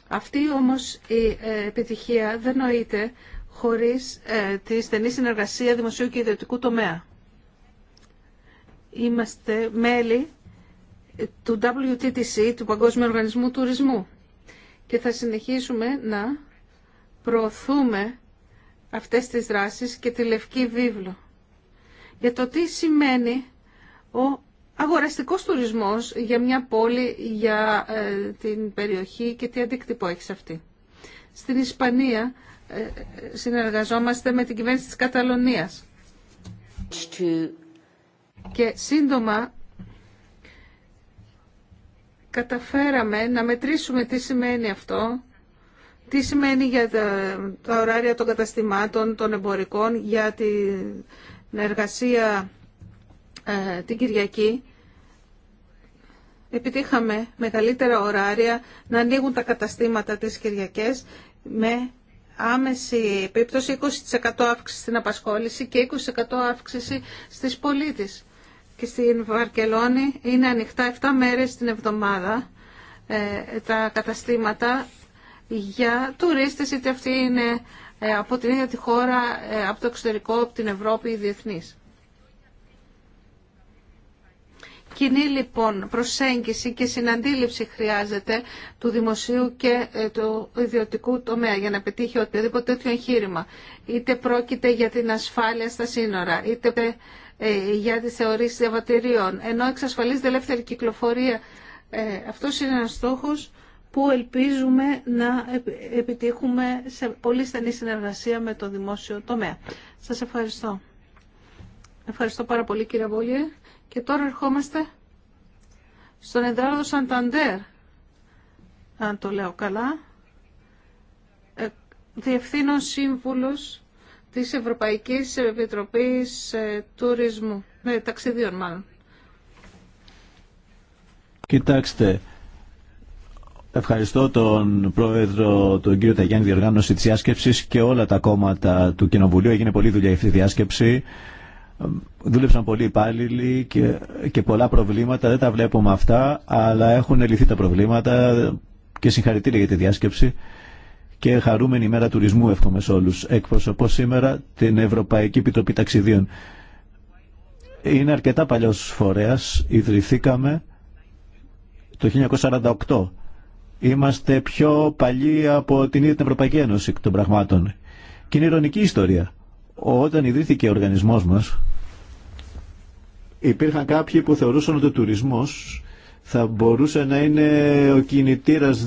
Αυτή όμως η ε, επιτυχία δεν νοείται χωρίς τη στενή συνεργασία δημοσίου και ιδιωτικού τομέα. Είμαστε μέλη του WTTC, του Παγκόσμιου Οργανισμού Τουρισμού. Και θα συνεχίσουμε να προωθούμε αυτές τις δράσεις και τη Λευκή Βίβλο. Για το τι σημαίνει ο αγοραστικός τουρισμός για μια πόλη, για ε, την περιοχή και τι αντίκτυπο έχει σε αυτή. Στην Ισπανία ε, συνεργαζόμαστε με την κυβέρνηση της Καταλωνίας. Και σύντομα καταφέραμε να μετρήσουμε τι σημαίνει αυτό, τι σημαίνει για τα, ωράρια των καταστημάτων, των εμπορικών, για την εργασία ε, την Κυριακή. Επιτύχαμε μεγαλύτερα ωράρια να ανοίγουν τα καταστήματα τις Κυριακές με άμεση επίπτωση 20% αύξηση στην απασχόληση και 20% αύξηση στις πολίτες και στην Βαρκελόνη είναι ανοιχτά 7 μέρες την εβδομάδα ε, τα καταστήματα για τουρίστες, είτε αυτοί είναι ε, από την ίδια τη χώρα, ε, από το εξωτερικό, από την Ευρώπη ή διεθνής. Κοινή λοιπόν προσέγγιση και συναντήληψη χρειάζεται του δημοσίου και του ιδιωτικού τομέα για να πετύχει οτιδήποτε τέτοιο εγχείρημα. Είτε πρόκειται για την ασφάλεια στα σύνορα, είτε ε, για τις θεωρήσεις διαβατηρίων, ενώ εξασφαλίζεται ελεύθερη κυκλοφορία. Ε, αυτός είναι ένας στόχος που ελπίζουμε να επιτύχουμε σε πολύ στενή συνεργασία με το δημόσιο τομέα. Σας ευχαριστώ. Ευχαριστώ πάρα πολύ κύριε Βόλιε. Και τώρα ερχόμαστε στον Εντράδο Σανταντέρ, αν το λέω καλά, ε, Διευθύνων Σύμβουλος της Ευρωπαϊκής Επιτροπής ε, Τουρισμού, ε, ταξιδίων μάλλον. Κοιτάξτε, Ευχαριστώ τον πρόεδρο, τον κύριο Ταγιάννη, διοργάνωση τη διάσκεψη και όλα τα κόμματα του Κοινοβουλίου. Έγινε πολλή δουλειά αυτή η διάσκεψη. Δούλεψαν πολλοί υπάλληλοι και, και πολλά προβλήματα. Δεν τα βλέπουμε αυτά, αλλά έχουν λυθεί τα προβλήματα και συγχαρητήρια για τη διάσκεψη και χαρούμενη ημέρα τουρισμού εύχομαι σε όλους. Εκπροσωπώ σήμερα την Ευρωπαϊκή Επιτροπή Ταξιδίων. Είναι αρκετά παλιός φορέας, ιδρυθήκαμε το 1948. Είμαστε πιο παλιοί από την ίδια την Ευρωπαϊκή Ένωση των πραγμάτων. Και είναι ηρωνική ιστορία. Όταν ιδρύθηκε ο οργανισμός μας, υπήρχαν κάποιοι που θεωρούσαν ότι ο τουρισμός θα μπορούσε να είναι ο κινητήρας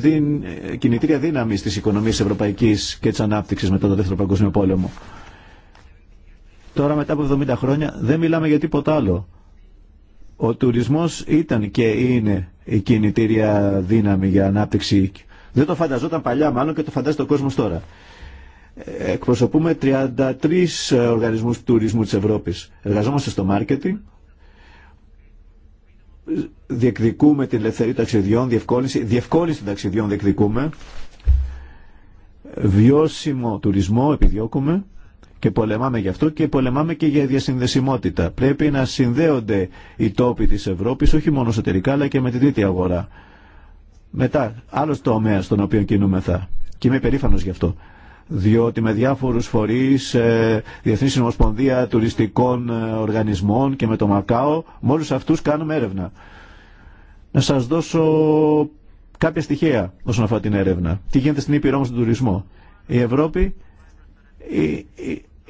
κινητήρια δύναμη της οικονομίας ευρωπαϊκής και της ανάπτυξης μετά το Δεύτερο Παγκόσμιο Πόλεμο. Τώρα μετά από 70 χρόνια δεν μιλάμε για τίποτα άλλο. Ο τουρισμός ήταν και είναι η κινητήρια δύναμη για ανάπτυξη. Δεν το φανταζόταν παλιά μάλλον και το φαντάζεται ο κόσμος τώρα. Ε, εκπροσωπούμε 33 ε, οργανισμούς τουρισμού της Ευρώπης. Εργαζόμαστε στο μάρκετινγκ, διεκδικούμε την ελευθερία ταξιδιών, διευκόλυνση, διευκόλυνση των ταξιδιών διεκδικούμε, βιώσιμο τουρισμό επιδιώκουμε και πολεμάμε γι' αυτό και πολεμάμε και για διασυνδεσιμότητα. Πρέπει να συνδέονται οι τόποι της Ευρώπης, όχι μόνο εσωτερικά αλλά και με την τρίτη αγορά. Μετά, άλλος τομέα στον οποίο κινούμεθα και είμαι περήφανος γι' αυτό διότι με διάφορους φορείς, ε, Διεθνή Συνομοσπονδία Τουριστικών ε, Οργανισμών και με το Μακάο, με όλους αυτούς κάνουμε έρευνα. Να σας δώσω κάποια στοιχεία όσον αφορά την έρευνα. Τι γίνεται στην Ήπειρο όμως στον τουρισμό. Η Ευρώπη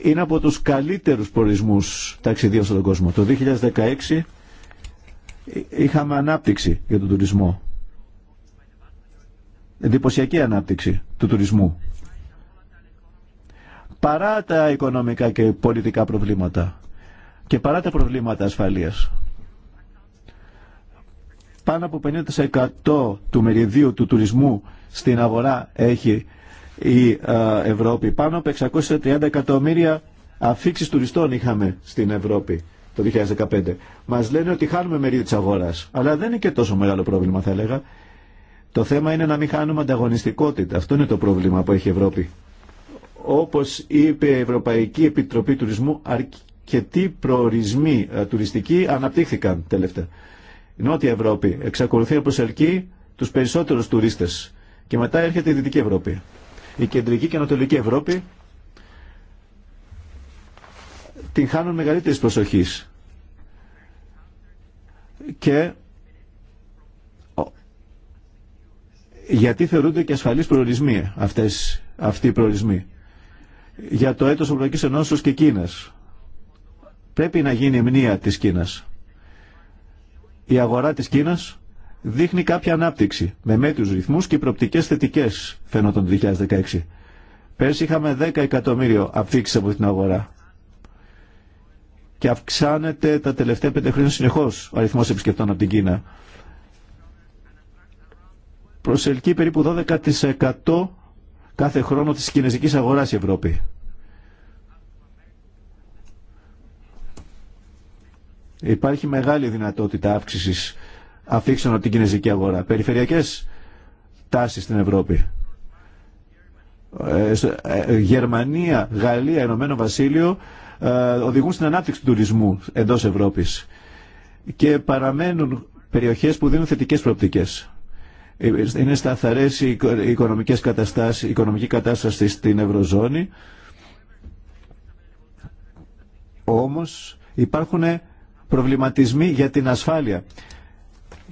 είναι από τους καλύτερους προορισμούς ταξιδίων στον κόσμο. Το 2016 είχαμε ανάπτυξη για τον τουρισμό. Εντυπωσιακή ανάπτυξη του τουρισμού παρά τα οικονομικά και πολιτικά προβλήματα και παρά τα προβλήματα ασφαλείας. Πάνω από 50% του μεριδίου του τουρισμού στην αγορά έχει η ε, Ευρώπη. Πάνω από 630 εκατομμύρια αφήξεις τουριστών είχαμε στην Ευρώπη το 2015. Μας λένε ότι χάνουμε μερίδι της αγοράς. Αλλά δεν είναι και τόσο μεγάλο πρόβλημα θα έλεγα. Το θέμα είναι να μην χάνουμε ανταγωνιστικότητα. Αυτό είναι το πρόβλημα που έχει η Ευρώπη όπως είπε η Ευρωπαϊκή Επιτροπή Τουρισμού, αρκετοί προορισμοί ε, τουριστικοί αναπτύχθηκαν τελευταία. Η Νότια Ευρώπη εξακολουθεί να προσελκύει τους περισσότερους τουρίστες και μετά έρχεται η Δυτική Ευρώπη. Η Κεντρική και Ανατολική Ευρώπη την χάνουν μεγαλύτερης προσοχής και γιατί θεωρούνται και ασφαλείς προορισμοί αυτές, αυτοί οι προορισμοί για το έτος Ευρωπαϊκής Ενώσεως και Κίνας. Πρέπει να γίνει μνήα της Κίνας. Η αγορά της Κίνας δείχνει κάποια ανάπτυξη με μέτρους ρυθμούς και προπτικές θετικές φαίνονταν το 2016. Πέρσι είχαμε 10 εκατομμύριο αφήξεις από την αγορά και αυξάνεται τα τελευταία πέντε χρόνια συνεχώς ο αριθμός επισκεπτών από την Κίνα. Προσελκύει περίπου 12% κάθε χρόνο της κινέζικης αγοράς η Ευρώπη. Υπάρχει μεγάλη δυνατότητα αύξησης αφήξεων από την κινέζικη αγορά. Περιφερειακές τάσεις στην Ευρώπη. Ε, ε, Γερμανία, Γαλλία, Ηνωμένο Βασίλειο ε, οδηγούν στην ανάπτυξη του τουρισμού εντός Ευρώπης και παραμένουν περιοχές που δίνουν θετικές προοπτικές είναι σταθερέ οι οικονομικές καταστάσεις, η οικονομική κατάσταση στην Ευρωζώνη. Όμως υπάρχουν προβληματισμοί για την ασφάλεια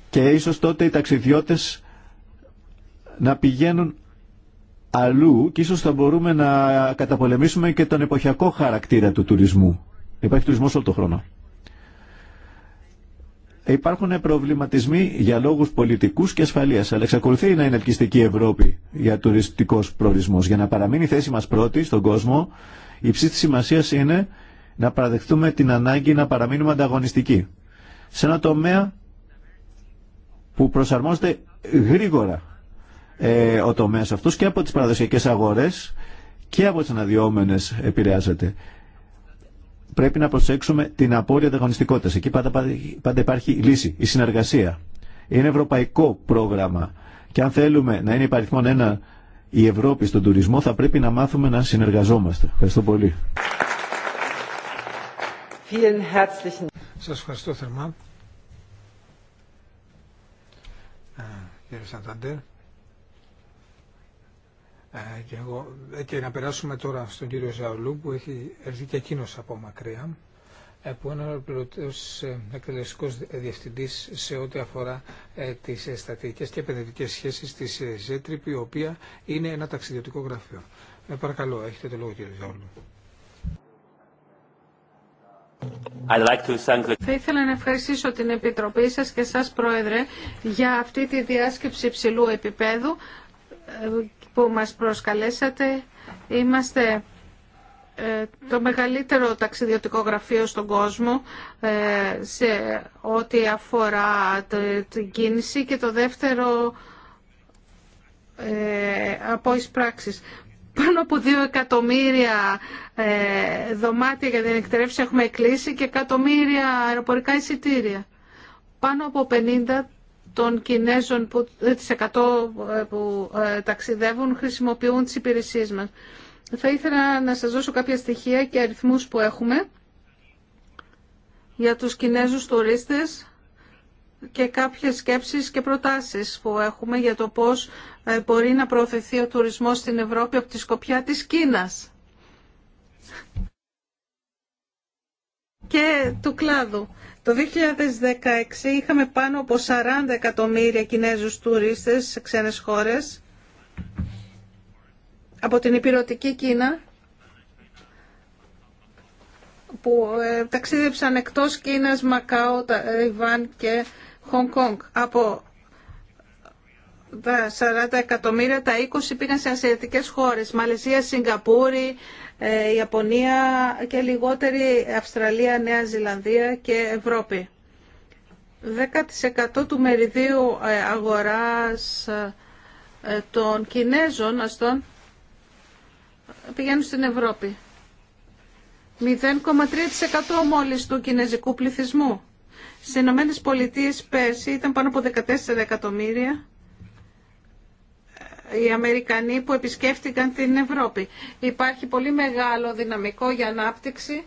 και ίσως τότε οι ταξιδιώτες να πηγαίνουν αλλού και ίσως θα μπορούμε να καταπολεμήσουμε και τον εποχιακό χαρακτήρα του τουρισμού. Υπάρχει τουρισμός όλο τον χρόνο υπάρχουν προβληματισμοί για λόγους πολιτικούς και ασφαλείας, αλλά εξακολουθεί να είναι ελκυστική η Ευρώπη για τουριστικός προορισμός. Για να παραμείνει η θέση μας πρώτη στον κόσμο, η ψήφιση σημασία είναι να παραδεχτούμε την ανάγκη να παραμείνουμε ανταγωνιστικοί. Σε ένα τομέα που προσαρμόζεται γρήγορα ε, ο τομέας αυτό και από τις παραδοσιακές αγορές και από τις αναδυόμενες επηρεάζεται πρέπει να προσέξουμε την απόρρια ανταγωνιστικότητα. Εκεί πάντα, πάντα υπάρχει λύση, η συνεργασία. Είναι ευρωπαϊκό πρόγραμμα. Και αν θέλουμε να είναι υπαριθμόν ένα η Ευρώπη στον τουρισμό, θα πρέπει να μάθουμε να συνεργαζόμαστε. Ευχαριστώ πολύ. Σας ευχαριστώ θερμά. Ε, κύριε Σανταντέρ. Ε, και, εγώ, ε, και να περάσουμε τώρα στον κύριο Ζαουλού που έχει έρθει και εκείνο από μακριά ε, που είναι ολοκληρωτός εκτελεστικός διευθυντής σε ό,τι αφορά τις στατικές και επενδυτικές σχέσεις της ΖΕΤΡΙΠ, η οποία είναι ένα ταξιδιωτικό γραφείο. Ε, παρακαλώ, έχετε το λόγο κύριε Ζαουλού. Θα ήθελα να ευχαριστήσω την Επιτροπή σας και σας Πρόεδρε για αυτή τη διάσκεψη υψηλού επίπεδου που μας προσκαλέσατε. Είμαστε ε, το μεγαλύτερο ταξιδιωτικό γραφείο στον κόσμο ε, σε ό,τι αφορά την κίνηση και το δεύτερο ε, από εισπράξεις. Πάνω από δύο εκατομμύρια δωμάτια για την εκτρέψη έχουμε κλείσει και εκατομμύρια αεροπορικά εισιτήρια. Πάνω από 50 των Κινέζων που, 100 ε, ε, που ε, ταξιδεύουν χρησιμοποιούν τις υπηρεσίες μας. Θα ήθελα να σας δώσω κάποια στοιχεία και αριθμούς που έχουμε για τους Κινέζους τουρίστες και κάποιες σκέψεις και προτάσεις που έχουμε για το πώς μπορεί να προωθηθεί ο τουρισμός στην Ευρώπη από τη σκοπιά της Κίνας και του κλάδου. Το 2016 είχαμε πάνω από 40 εκατομμύρια Κινέζους τουρίστες σε ξένες χώρες από την υπηρετική Κίνα που ε, ταξίδεψαν εκτός Κίνας, Μακάο, Ιβαν και Χονγκ Κονγκ. Από τα 40 εκατομμύρια, τα 20 πήγαν σε ασιατικές χώρες, Μαλαισία, Σιγκαπούρη, ε, Ιαπωνία και λιγότερη Αυστραλία, Νέα Ζηλανδία και Ευρώπη. 10% του μεριδίου ε, αγοράς ε, των Κινέζων αστών πηγαίνουν στην Ευρώπη. 0,3% μόλις του κινέζικου πληθυσμού. Στι Ηνωμένε Πολιτείε πέρσι ήταν πάνω από 14 εκατομμύρια οι Αμερικανοί που επισκέφτηκαν την Ευρώπη. Υπάρχει πολύ μεγάλο δυναμικό για ανάπτυξη.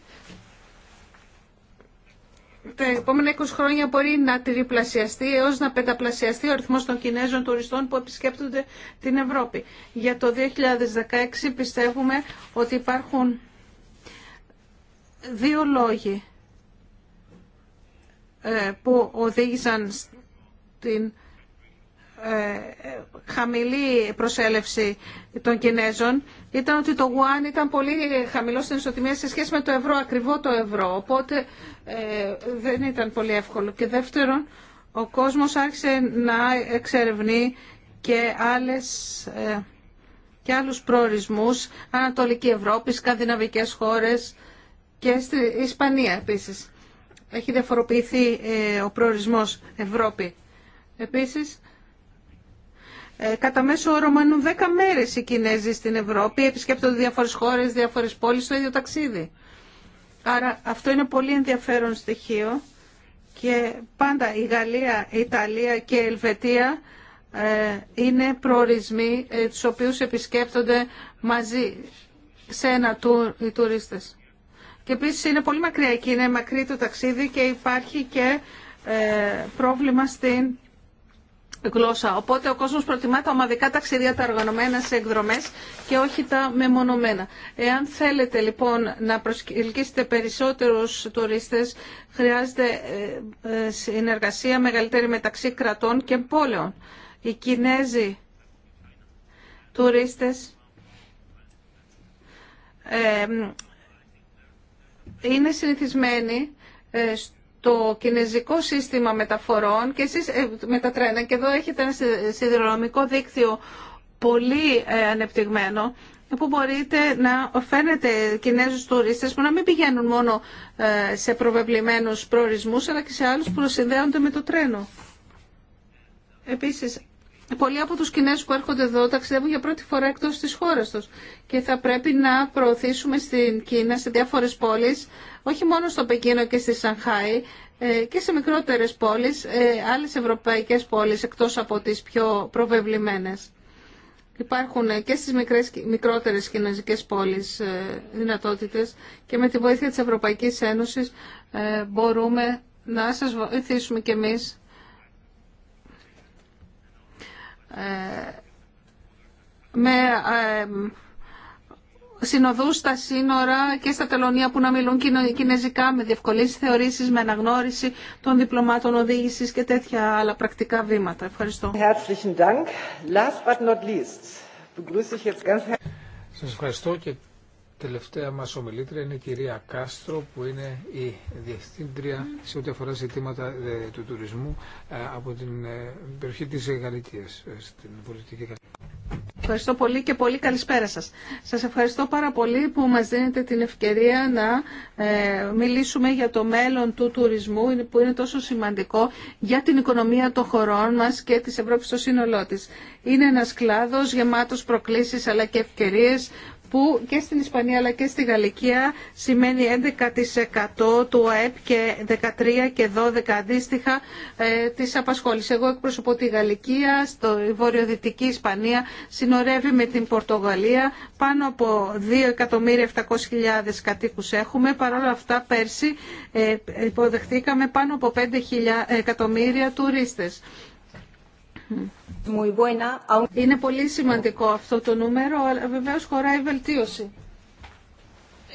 Τα επόμενα 20 χρόνια μπορεί να τριπλασιαστεί έω να πενταπλασιαστεί ο αριθμός των Κινέζων τουριστών που επισκέπτονται την Ευρώπη. Για το 2016 πιστεύουμε ότι υπάρχουν δύο λόγοι ε, που οδήγησαν στην ε, χαμηλή προσέλευση των Κινέζων ήταν ότι το Γουάν ήταν πολύ χαμηλό στην ισοτιμία σε σχέση με το ευρώ, ακριβό το ευρώ. Οπότε ε, δεν ήταν πολύ εύκολο. Και δεύτερον, ο κόσμος άρχισε να εξερευνεί και, άλλες, ε, και άλλους προορισμούς, Ανατολική Ευρώπη, σκανδιναβικές χώρες και στην Ισπανία επίσης. Έχει διαφοροποιηθεί ο προορισμός Ευρώπη. Επίσης, ε, κατά μέσο όρο μένουν 10 μέρες οι Κινέζοι στην Ευρώπη, επισκέπτονται διάφορες χώρες, διάφορες πόλεις, στο ίδιο ταξίδι. Άρα αυτό είναι πολύ ενδιαφέρον στοιχείο και πάντα η Γαλλία, η Ιταλία και η Ελβετία ε, είναι προορισμοί ε, τους οποίους επισκέπτονται μαζί σε ένα τουρ οι τουρίστες. Και επίση είναι πολύ μακριά εκεί, είναι μακρύ το ταξίδι και υπάρχει και ε, πρόβλημα στην Οπότε ο κόσμος προτιμά τα ομαδικά ταξίδια, τα οργανωμένα σε εκδρομές και όχι τα μεμονωμένα. Εάν θέλετε λοιπόν να προσελκύσετε περισσότερους τουρίστες, χρειάζεται ε, ε, συνεργασία μεγαλύτερη μεταξύ κρατών και πόλεων. Οι Κινέζοι τουρίστες ε, είναι συνηθισμένοι το κινέζικο σύστημα μεταφορών και εσείς ε, με τα τρένα και εδώ έχετε ένα σιδηροδρομικό δίκτυο πολύ ε, ανεπτυγμένο που μπορείτε να φαίνετε Κινέζους τουρίστες που να μην πηγαίνουν μόνο ε, σε προβεβλημένους προορισμούς αλλά και σε άλλους που συνδέονται με το τρένο. Επίσης Πολλοί από τους Κινέζους που έρχονται εδώ ταξιδεύουν για πρώτη φορά εκτός της χώρας τους και θα πρέπει να προωθήσουμε στην Κίνα, σε διάφορες πόλεις, όχι μόνο στο Πεκίνο και στη Σανχάη ε, και σε μικρότερες πόλεις, ε, άλλες ευρωπαϊκές πόλεις εκτός από τις πιο προβεβλημένες. Υπάρχουν και στις μικρές, μικρότερες κινέζικες πόλεις ε, δυνατότητες και με τη βοήθεια της Ευρωπαϊκής Ένωσης μπορούμε να σας βοηθήσουμε κι εμείς Ε, με ε, συνοδού στα σύνορα και στα τελωνία που να μιλούν κινέζικα με διευκολύνσεις θεωρήσεις, με αναγνώριση των διπλωμάτων οδήγησης και τέτοια άλλα πρακτικά βήματα. Ευχαριστώ. Σας ευχαριστώ και Τελευταία μας ομιλήτρια είναι η κυρία Κάστρο που είναι η διευθύντρια σε ό,τι αφορά ζητήματα ε, του τουρισμού ε, από την ε, περιοχή της Γαλλικίας στην πολιτική Ευχαριστώ πολύ και πολύ καλησπέρα σας. Σας ευχαριστώ πάρα πολύ που μας δίνετε την ευκαιρία να μιλήσουμε για το μέλλον του τουρισμού που είναι τόσο σημαντικό για την οικονομία των χωρών μας και της Ευρώπης στο σύνολό της. Είναι ένας κλάδος γεμάτος προκλήσεις αλλά και ευκαιρίες που και στην Ισπανία αλλά και στη Γαλλικία σημαίνει 11% του ΑΕΠ και 13% και 12% αντίστοιχα ε, της απασχόλησης. Εγώ εκπροσωπώ τη Γαλλικία, στο βορειοδυτική Ισπανία, συνορεύει με την Πορτογαλία, πάνω από 2.700.000 κατοίκους έχουμε, παρόλα αυτά πέρσι ε, υποδεχτήκαμε πάνω από 5.000.000 εκατομμύρια τουρίστες. Είναι πολύ σημαντικό αυτό το νούμερο, αλλά βεβαίως χωράει βελτίωση.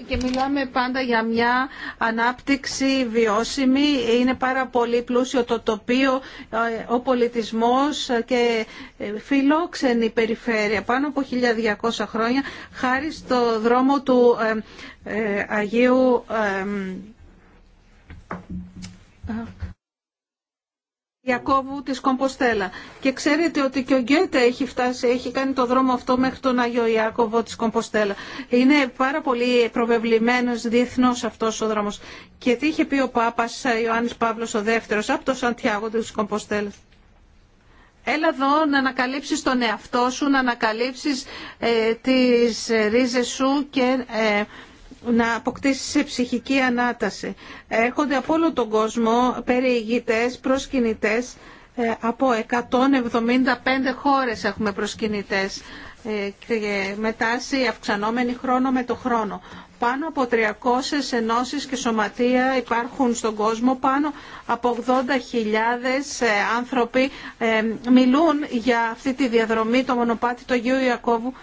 Και μιλάμε πάντα για μια ανάπτυξη βιώσιμη. Είναι πάρα πολύ πλούσιο το τοπίο, ε, ο πολιτισμός και ε, φιλόξενη περιφέρεια. Πάνω από 1200 χρόνια, χάρη στο δρόμο του ε, Αγίου Ιακώβου της Κομποστέλα. Και ξέρετε ότι και ο Γκέτε έχει φτάσει, έχει κάνει το δρόμο αυτό μέχρι τον Άγιο Ιάκωβο της Κομποστέλα. Είναι πάρα πολύ προβεβλημένος διεθνώς αυτός ο δρόμος. Και τι είχε πει ο Πάπας Ιωάννης Παύλος ο δεύτερος από το Σαντιάγο της Κομποστέλα. Έλα εδώ να ανακαλύψεις τον εαυτό σου, να ανακαλύψεις ε, τις ε, ρίζες σου και... Ε, να αποκτήσει σε ψυχική ανάταση. Έρχονται από όλο τον κόσμο περιηγητές, προσκυνητές, ε, από 175 χώρες έχουμε προσκυνητές ε, και τάση αυξανόμενη χρόνο με το χρόνο. Πάνω από 300 ενώσεις και σωματεία υπάρχουν στον κόσμο, πάνω από 80.000 ε, άνθρωποι μιλούν για αυτή τη διαδρομή, το μονοπάτι του Αγίου Ιακώβου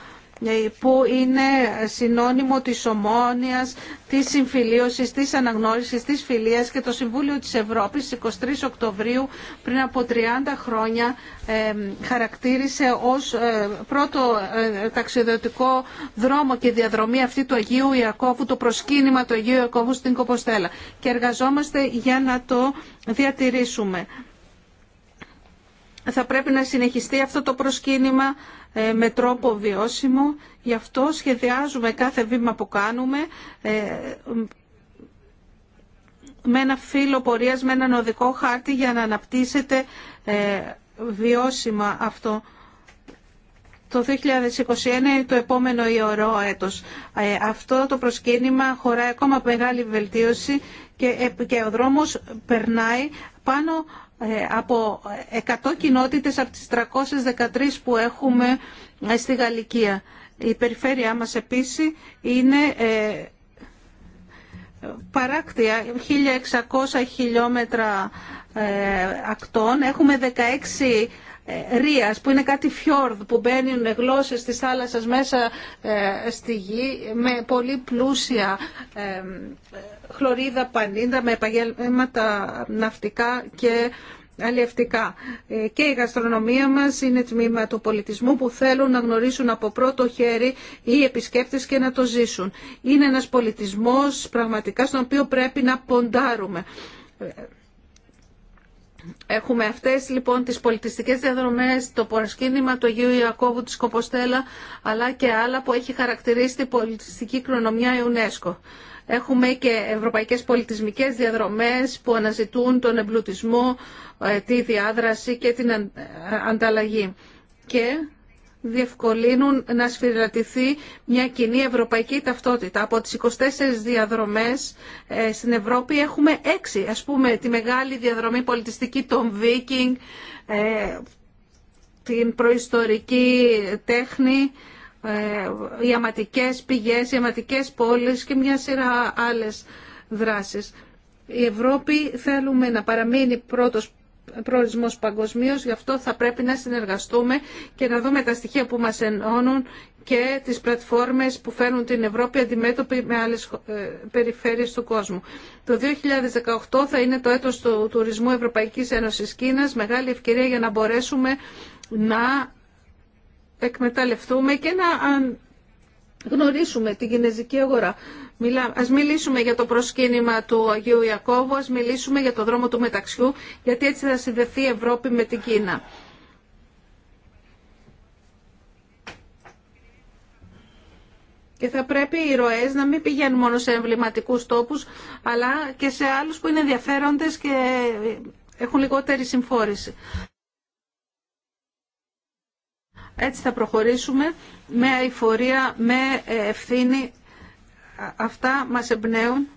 που είναι συνώνυμο της ομόνιας, της συμφιλίωσης, της αναγνώρισης, της φιλίας και το Συμβούλιο της Ευρώπης 23 Οκτωβρίου πριν από 30 χρόνια χαρακτήρισε ως ε, πρώτο ε, ταξιδιωτικό δρόμο και διαδρομή αυτή του Αγίου Ιακώβου, το προσκύνημα του Αγίου Ιακώβου στην Κοποστέλα και εργαζόμαστε για να το διατηρήσουμε θα πρέπει να συνεχιστεί αυτό το προσκύνημα ε, με τρόπο βιώσιμο. Γι' αυτό σχεδιάζουμε κάθε βήμα που κάνουμε ε, με ένα φύλλο πορείας, με έναν οδικό χάρτη για να αναπτύσσεται ε, βιώσιμα αυτό. Το 2021 είναι το επόμενο ιερό έτος. Αυτό το προσκύνημα χωράει ακόμα μεγάλη βελτίωση και ο δρόμος περνάει πάνω ε, από 100 κοινότητες από τις 313 που έχουμε ε, στη Γαλλικία. Η περιφέρειά μας επίσης είναι ε, παράκτια 1.600 χιλιόμετρα ακτών. Έχουμε 16 ε, ρίας που είναι κάτι φιόρδ που μπαίνουν γλώσσες της θάλασσας μέσα ε, στη γη με πολύ πλούσια ε, χλωρίδα πανίδα με επαγγέλματα ναυτικά και αλλιευτικά. Και η γαστρονομία μας είναι τμήμα του πολιτισμού που θέλουν να γνωρίσουν από πρώτο χέρι οι επισκέπτες και να το ζήσουν. Είναι ένας πολιτισμός πραγματικά στον οποίο πρέπει να ποντάρουμε. Έχουμε αυτές λοιπόν τις πολιτιστικές διαδρομές, το προσκύνημα του Αγίου Ιακώβου της Κοποστέλα, αλλά και άλλα που έχει χαρακτηρίσει την πολιτιστική κληρονομιά UNESCO. Έχουμε και ευρωπαϊκές πολιτισμικές διαδρομές που αναζητούν τον εμπλουτισμό, ε, τη διάδραση και την ε, ανταλλαγή. Και διευκολύνουν να σφυρατηθεί μια κοινή ευρωπαϊκή ταυτότητα. Από τις 24 διαδρομές ε, στην Ευρώπη έχουμε έξι. Ας πούμε τη μεγάλη διαδρομή πολιτιστική των Βίκινγκ, ε, την προϊστορική τέχνη, ε, οι αματικές πηγές, οι αματικές πόλεις και μια σειρά άλλες δράσεις. Η Ευρώπη θέλουμε να παραμείνει πρώτος προορισμός παγκοσμίω, γι' αυτό θα πρέπει να συνεργαστούμε και να δούμε τα στοιχεία που μας ενώνουν και τις πλατφόρμες που φέρνουν την Ευρώπη αντιμέτωπη με άλλες ε, περιφέρειες του κόσμου. Το 2018 θα είναι το έτος του τουρισμού Ευρωπαϊκής Ένωσης Κίνας, μεγάλη ευκαιρία για να μπορέσουμε να εκμεταλλευτούμε και να γνωρίσουμε την κινέζικη αγορά. Μιλά, ας μιλήσουμε για το προσκύνημα του Αγίου Ιακώβου, ας μιλήσουμε για το δρόμο του μεταξιού, γιατί έτσι θα συνδεθεί η Ευρώπη με την Κίνα. Και θα πρέπει οι ροές να μην πηγαίνουν μόνο σε εμβληματικούς τόπους, αλλά και σε άλλους που είναι ενδιαφέροντες και έχουν λιγότερη συμφόρηση. Έτσι θα προχωρήσουμε με αηφορία, με ευθύνη αυτά μας εμπνέουν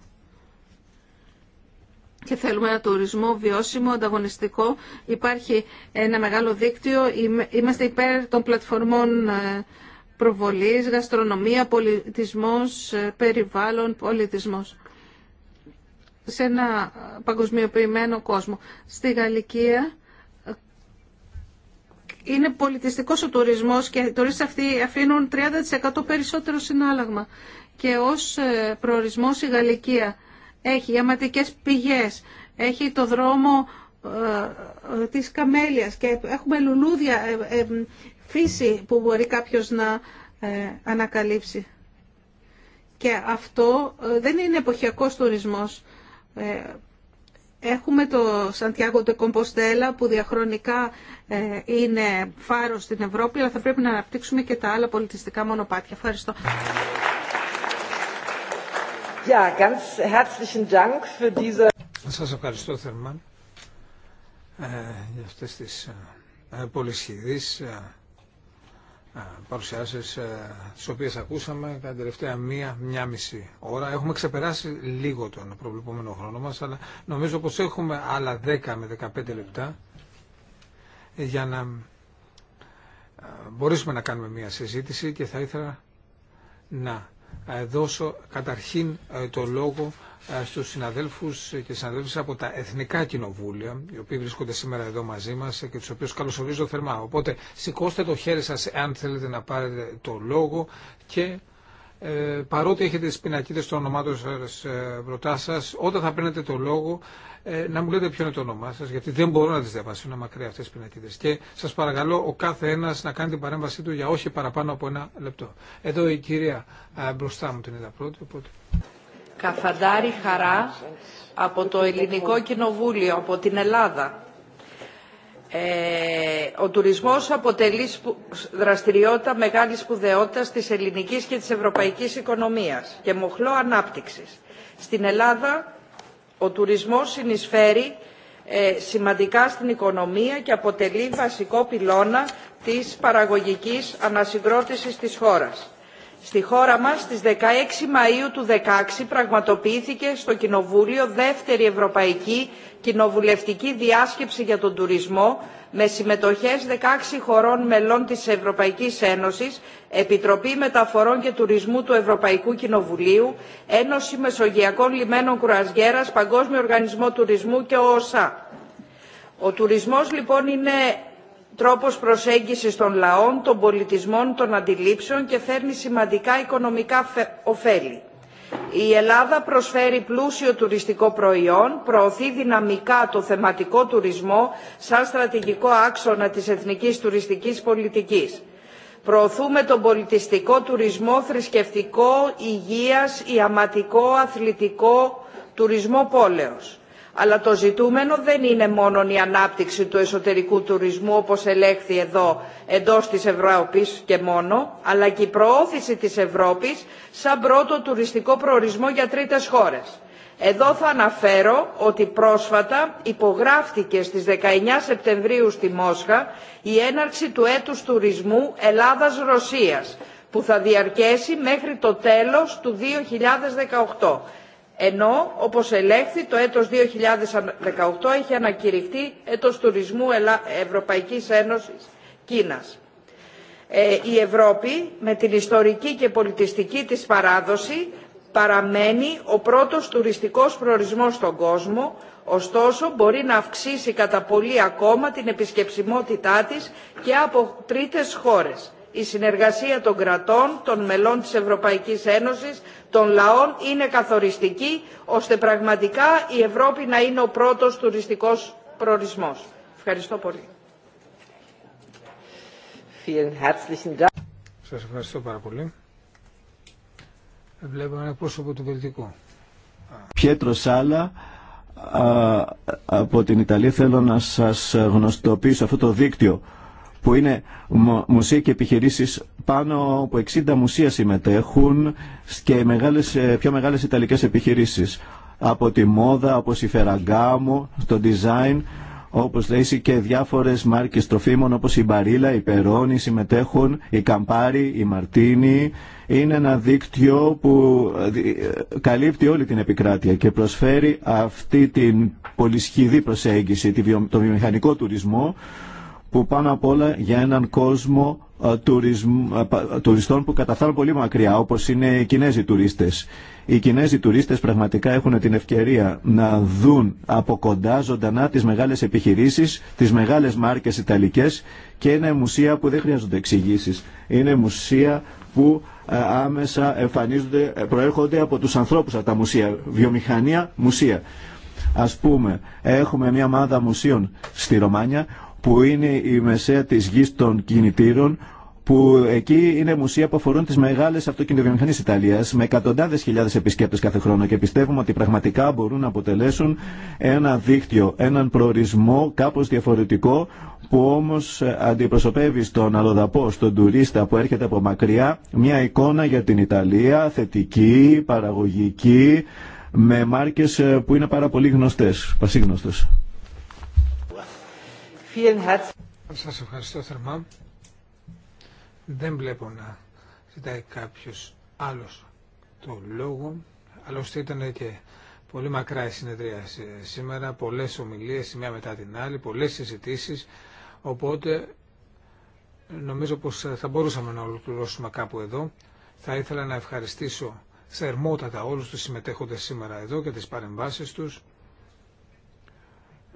και θέλουμε ένα τουρισμό βιώσιμο, ανταγωνιστικό. Υπάρχει ένα μεγάλο δίκτυο. Είμαστε υπέρ των πλατφορμών ε, προβολής, γαστρονομία, πολιτισμός, ε, περιβάλλον, πολιτισμός σε ένα παγκοσμιοποιημένο κόσμο. Στη Γαλλικία ε, είναι πολιτιστικός ο τουρισμός και οι τουρίστες αυτοί αφήνουν 30% περισσότερο συνάλλαγμα και ως ε, προορισμός η Γαλλικία. Έχει γεματικές πηγές, έχει το δρόμο ε, ε, της Καμέλιας και έχουμε λουλούδια, φύση που μπορεί κάποιος να ανακαλύψει. Και αυτό δεν είναι εποχιακός τουρισμός. Έχουμε το Σαντιάγο de Κομποστέλα που διαχρονικά είναι φάρος στην Ευρώπη, αλλά θα πρέπει να αναπτύξουμε και τα άλλα πολιτιστικά μονοπάτια. Ευχαριστώ. Ja, Σας ευχαριστώ θερμά ε, για αυτές τις ε, ε πολυσχηδείς ε, ε παρουσιάσεις ε, τις οποίες ακούσαμε τα τελευταία μία, μία μισή ώρα. Έχουμε ξεπεράσει λίγο τον προβλεπόμενο χρόνο μας, αλλά νομίζω πως έχουμε άλλα 10 με 15 λεπτά για να μπορέσουμε να κάνουμε μία συζήτηση και θα ήθελα να ε, δώσω καταρχήν ε, το λόγο ε, στους συναδέλφους και συναδέλφους από τα Εθνικά Κοινοβούλια, οι οποίοι βρίσκονται σήμερα εδώ μαζί μας και τους οποίους καλωσορίζω θερμά. Οπότε σηκώστε το χέρι σας αν θέλετε να πάρετε το λόγο και ε, παρότι έχετε τις πινακίδες των ονομάτων σας ε, σας, όταν θα παίρνετε το λόγο ε, να μου λέτε ποιο είναι το όνομά σα, γιατί δεν μπορώ να τι διαβάσω, είναι μακριά αυτέ τι πινακίδε. Και σα παρακαλώ ο κάθε ένα να κάνει την παρέμβασή του για όχι παραπάνω από ένα λεπτό. Εδώ η κυρία ε, μπροστά μου την είδα πρώτη, οπότε. Καφαντάρη Χαρά από το Ελληνικό Κοινοβούλιο, από την Ελλάδα. Ε, ο τουρισμός αποτελεί δραστηριότητα μεγάλης σπουδαιότητα της ελληνικής και της ευρωπαϊκής οικονομίας και μοχλό ανάπτυξης. Στην Ελλάδα ο τουρισμός συνεισφέρει ε, σημαντικά στην οικονομία και αποτελεί βασικό πυλώνα της παραγωγικής ανασυγκρότησης της χώρας. Στη χώρα μας, στις 16 Μαΐου του 2016, πραγματοποιήθηκε στο Κοινοβούλιο δεύτερη Ευρωπαϊκή Κοινοβουλευτική Διάσκεψη για τον Τουρισμό με συμμετοχές 16 χωρών μελών της Ευρωπαϊκής Ένωσης, Επιτροπή Μεταφορών και Τουρισμού του Ευρωπαϊκού Κοινοβουλίου, Ένωση Μεσογειακών Λιμένων Κρουαζιέρας, Παγκόσμιο Οργανισμό Τουρισμού και ΟΟΣΑ. Ο τουρισμός λοιπόν είναι τρόπος προσέγγισης των λαών, των πολιτισμών, των αντιλήψεων και φέρνει σημαντικά οικονομικά ωφέλη. Η Ελλάδα προσφέρει πλούσιο τουριστικό προϊόν, προωθεί δυναμικά το θεματικό τουρισμό σαν στρατηγικό άξονα της εθνικής τουριστικής πολιτικής. Προωθούμε τον πολιτιστικό τουρισμό, θρησκευτικό, υγείας, ιαματικό, αθλητικό, τουρισμό πόλεως αλλά το ζητούμενο δεν είναι μόνο η ανάπτυξη του εσωτερικού τουρισμού όπως ελέγχθη εδώ εντός της Ευρώπης και μόνο, αλλά και η προώθηση της Ευρώπης σαν πρώτο τουριστικό προορισμό για τρίτες χώρες. Εδώ θα αναφέρω ότι πρόσφατα υπογράφτηκε στις 19 Σεπτεμβρίου στη Μόσχα η έναρξη του έτους τουρισμού Ελλάδας-Ρωσίας που θα διαρκέσει μέχρι το τέλος του 2018 ενώ όπως ελέγχθη το έτος 2018 είχε ανακηρυχθεί έτος τουρισμού Ευρωπαϊκής Ένωσης Κίνας. Ε, η Ευρώπη με την ιστορική και πολιτιστική της παράδοση παραμένει ο πρώτος τουριστικός προορισμός στον κόσμο, ωστόσο μπορεί να αυξήσει κατά πολύ ακόμα την επισκεψιμότητά της και από τρίτες χώρες. Η συνεργασία των κρατών, των μελών της Ευρωπαϊκής Ένωσης των λαών είναι καθοριστική ώστε πραγματικά η Ευρώπη να είναι ο πρώτος τουριστικός προορισμός. Ευχαριστώ πολύ. Σας ευχαριστώ πάρα πολύ. Βλέπω ένα πρόσωπο του Βελτικού. Πιέτρο Σάλα, από την Ιταλία θέλω να σας γνωστοποιήσω αυτό το δίκτυο που είναι μουσεία και επιχειρήσεις πάνω από 60 μουσεία συμμετέχουν και μεγάλες, ε, πιο μεγάλες ιταλικές επιχειρήσεις από τη μόδα, από η Φεραγκάμου, το design όπως λέει και διάφορες μάρκες τροφίμων όπως η Μπαρίλα, η Περόνη συμμετέχουν, η Καμπάρη, η Μαρτίνη. Είναι ένα δίκτυο που ε, ε, καλύπτει όλη την επικράτεια και προσφέρει αυτή την πολυσχηδή προσέγγιση, το βιομηχανικό τουρισμό που πάνω απ' όλα για έναν κόσμο ε, ε, ε, τουριστών που καταφθάνουν πολύ μακριά, όπως είναι οι Κινέζοι τουρίστες. Οι Κινέζοι τουρίστες πραγματικά έχουν την ευκαιρία να δουν από κοντά ζωντανά τις μεγάλες επιχειρήσεις, τις μεγάλες μάρκες ιταλικές και είναι μουσεία που δεν χρειάζονται εξηγήσει. Είναι μουσεία που άμεσα εμφανίζονται, προέρχονται από τους ανθρώπους από τα μουσεία. Βιομηχανία, μουσεία. Ας πούμε, έχουμε μια μάδα μουσείων στη Ρωμάνια που είναι η μεσαία της γης των κινητήρων που εκεί είναι μουσεία που αφορούν τις μεγάλες αυτοκινητοβιομηχανίες Ιταλίας με εκατοντάδες χιλιάδες επισκέπτες κάθε χρόνο και πιστεύουμε ότι πραγματικά μπορούν να αποτελέσουν ένα δίκτυο, έναν προορισμό κάπως διαφορετικό που όμως αντιπροσωπεύει στον αλλοδαπό, στον τουρίστα που έρχεται από μακριά μια εικόνα για την Ιταλία θετική, παραγωγική με μάρκες που είναι πάρα πολύ γνωστές, πασίγνωστες. Σας ευχαριστώ θερμά. Δεν βλέπω να ζητάει κάποιος άλλο το λόγο. Άλλωστε ήταν και πολύ μακρά η συνεδρία σήμερα, πολλές ομιλίες η μία μετά την άλλη, πολλές συζητήσεις, οπότε νομίζω πως θα μπορούσαμε να ολοκληρώσουμε κάπου εδώ. Θα ήθελα να ευχαριστήσω θερμότατα όλους τους συμμετέχοντες σήμερα εδώ και τις παρεμβάσεις τους.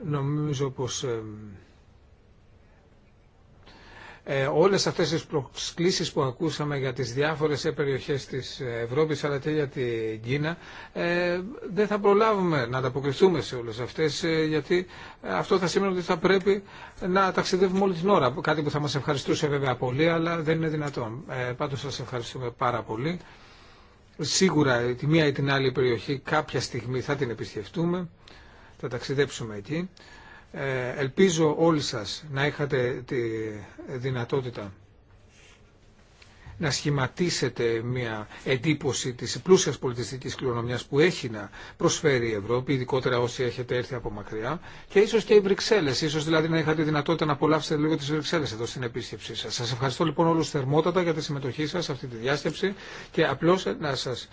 Νομίζω πως ε, όλες αυτές τις προσκλήσεις που ακούσαμε για τις διάφορες περιοχές της Ευρώπης αλλά και για την Κίνα ε, δεν θα προλάβουμε να ανταποκριθούμε σε όλες αυτές ε, γιατί αυτό θα σημαίνει ότι θα πρέπει να ταξιδεύουμε όλη την ώρα κάτι που θα μας ευχαριστούσε βέβαια πολύ αλλά δεν είναι δυνατόν. Πάντως σας ευχαριστούμε πάρα πολύ. Σίγουρα τη μία ή την άλλη περιοχή κάποια στιγμή θα την επισκεφτούμε, θα ταξιδέψουμε εκεί. Ε, ελπίζω όλοι σας να είχατε τη δυνατότητα να σχηματίσετε μια εντύπωση της πλούσιας πολιτιστικής κληρονομιάς που έχει να προσφέρει η Ευρώπη, ειδικότερα όσοι έχετε έρθει από μακριά, και ίσως και οι Βρυξέλλες, ίσως δηλαδή να είχατε δυνατότητα να απολαύσετε λίγο τις Βρυξέλλες εδώ στην επίσκεψή σας. Σας ευχαριστώ λοιπόν όλους θερμότατα για τη συμμετοχή σας σε αυτή τη διάσκεψη και απλώς να σας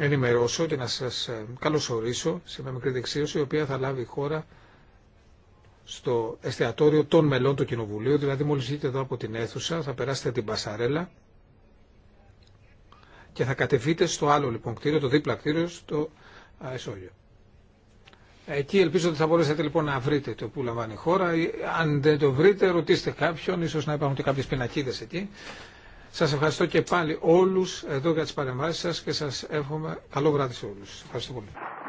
ενημερώσω και να σας ε, καλωσορίσω σε μια μικρή δεξίωση η οποία θα λάβει η χώρα στο εστιατόριο των μελών του Κοινοβουλίου, δηλαδή μόλις βγείτε εδώ από την αίθουσα, θα περάσετε την Πασαρέλα και θα κατεβείτε στο άλλο λοιπόν κτίριο, το δίπλα κτίριο, στο Εσόγειο. Εκεί ελπίζω ότι θα μπορέσετε λοιπόν να βρείτε το που λαμβάνει η χώρα. Ε, αν δεν το βρείτε, ρωτήστε κάποιον, ίσως να υπάρχουν και κάποιες πινακίδες εκεί. Σας ευχαριστώ και πάλι όλους εδώ για τις παρεμβάσεις σας και σας εύχομαι καλό βράδυ σε όλους. Ευχαριστώ πολύ.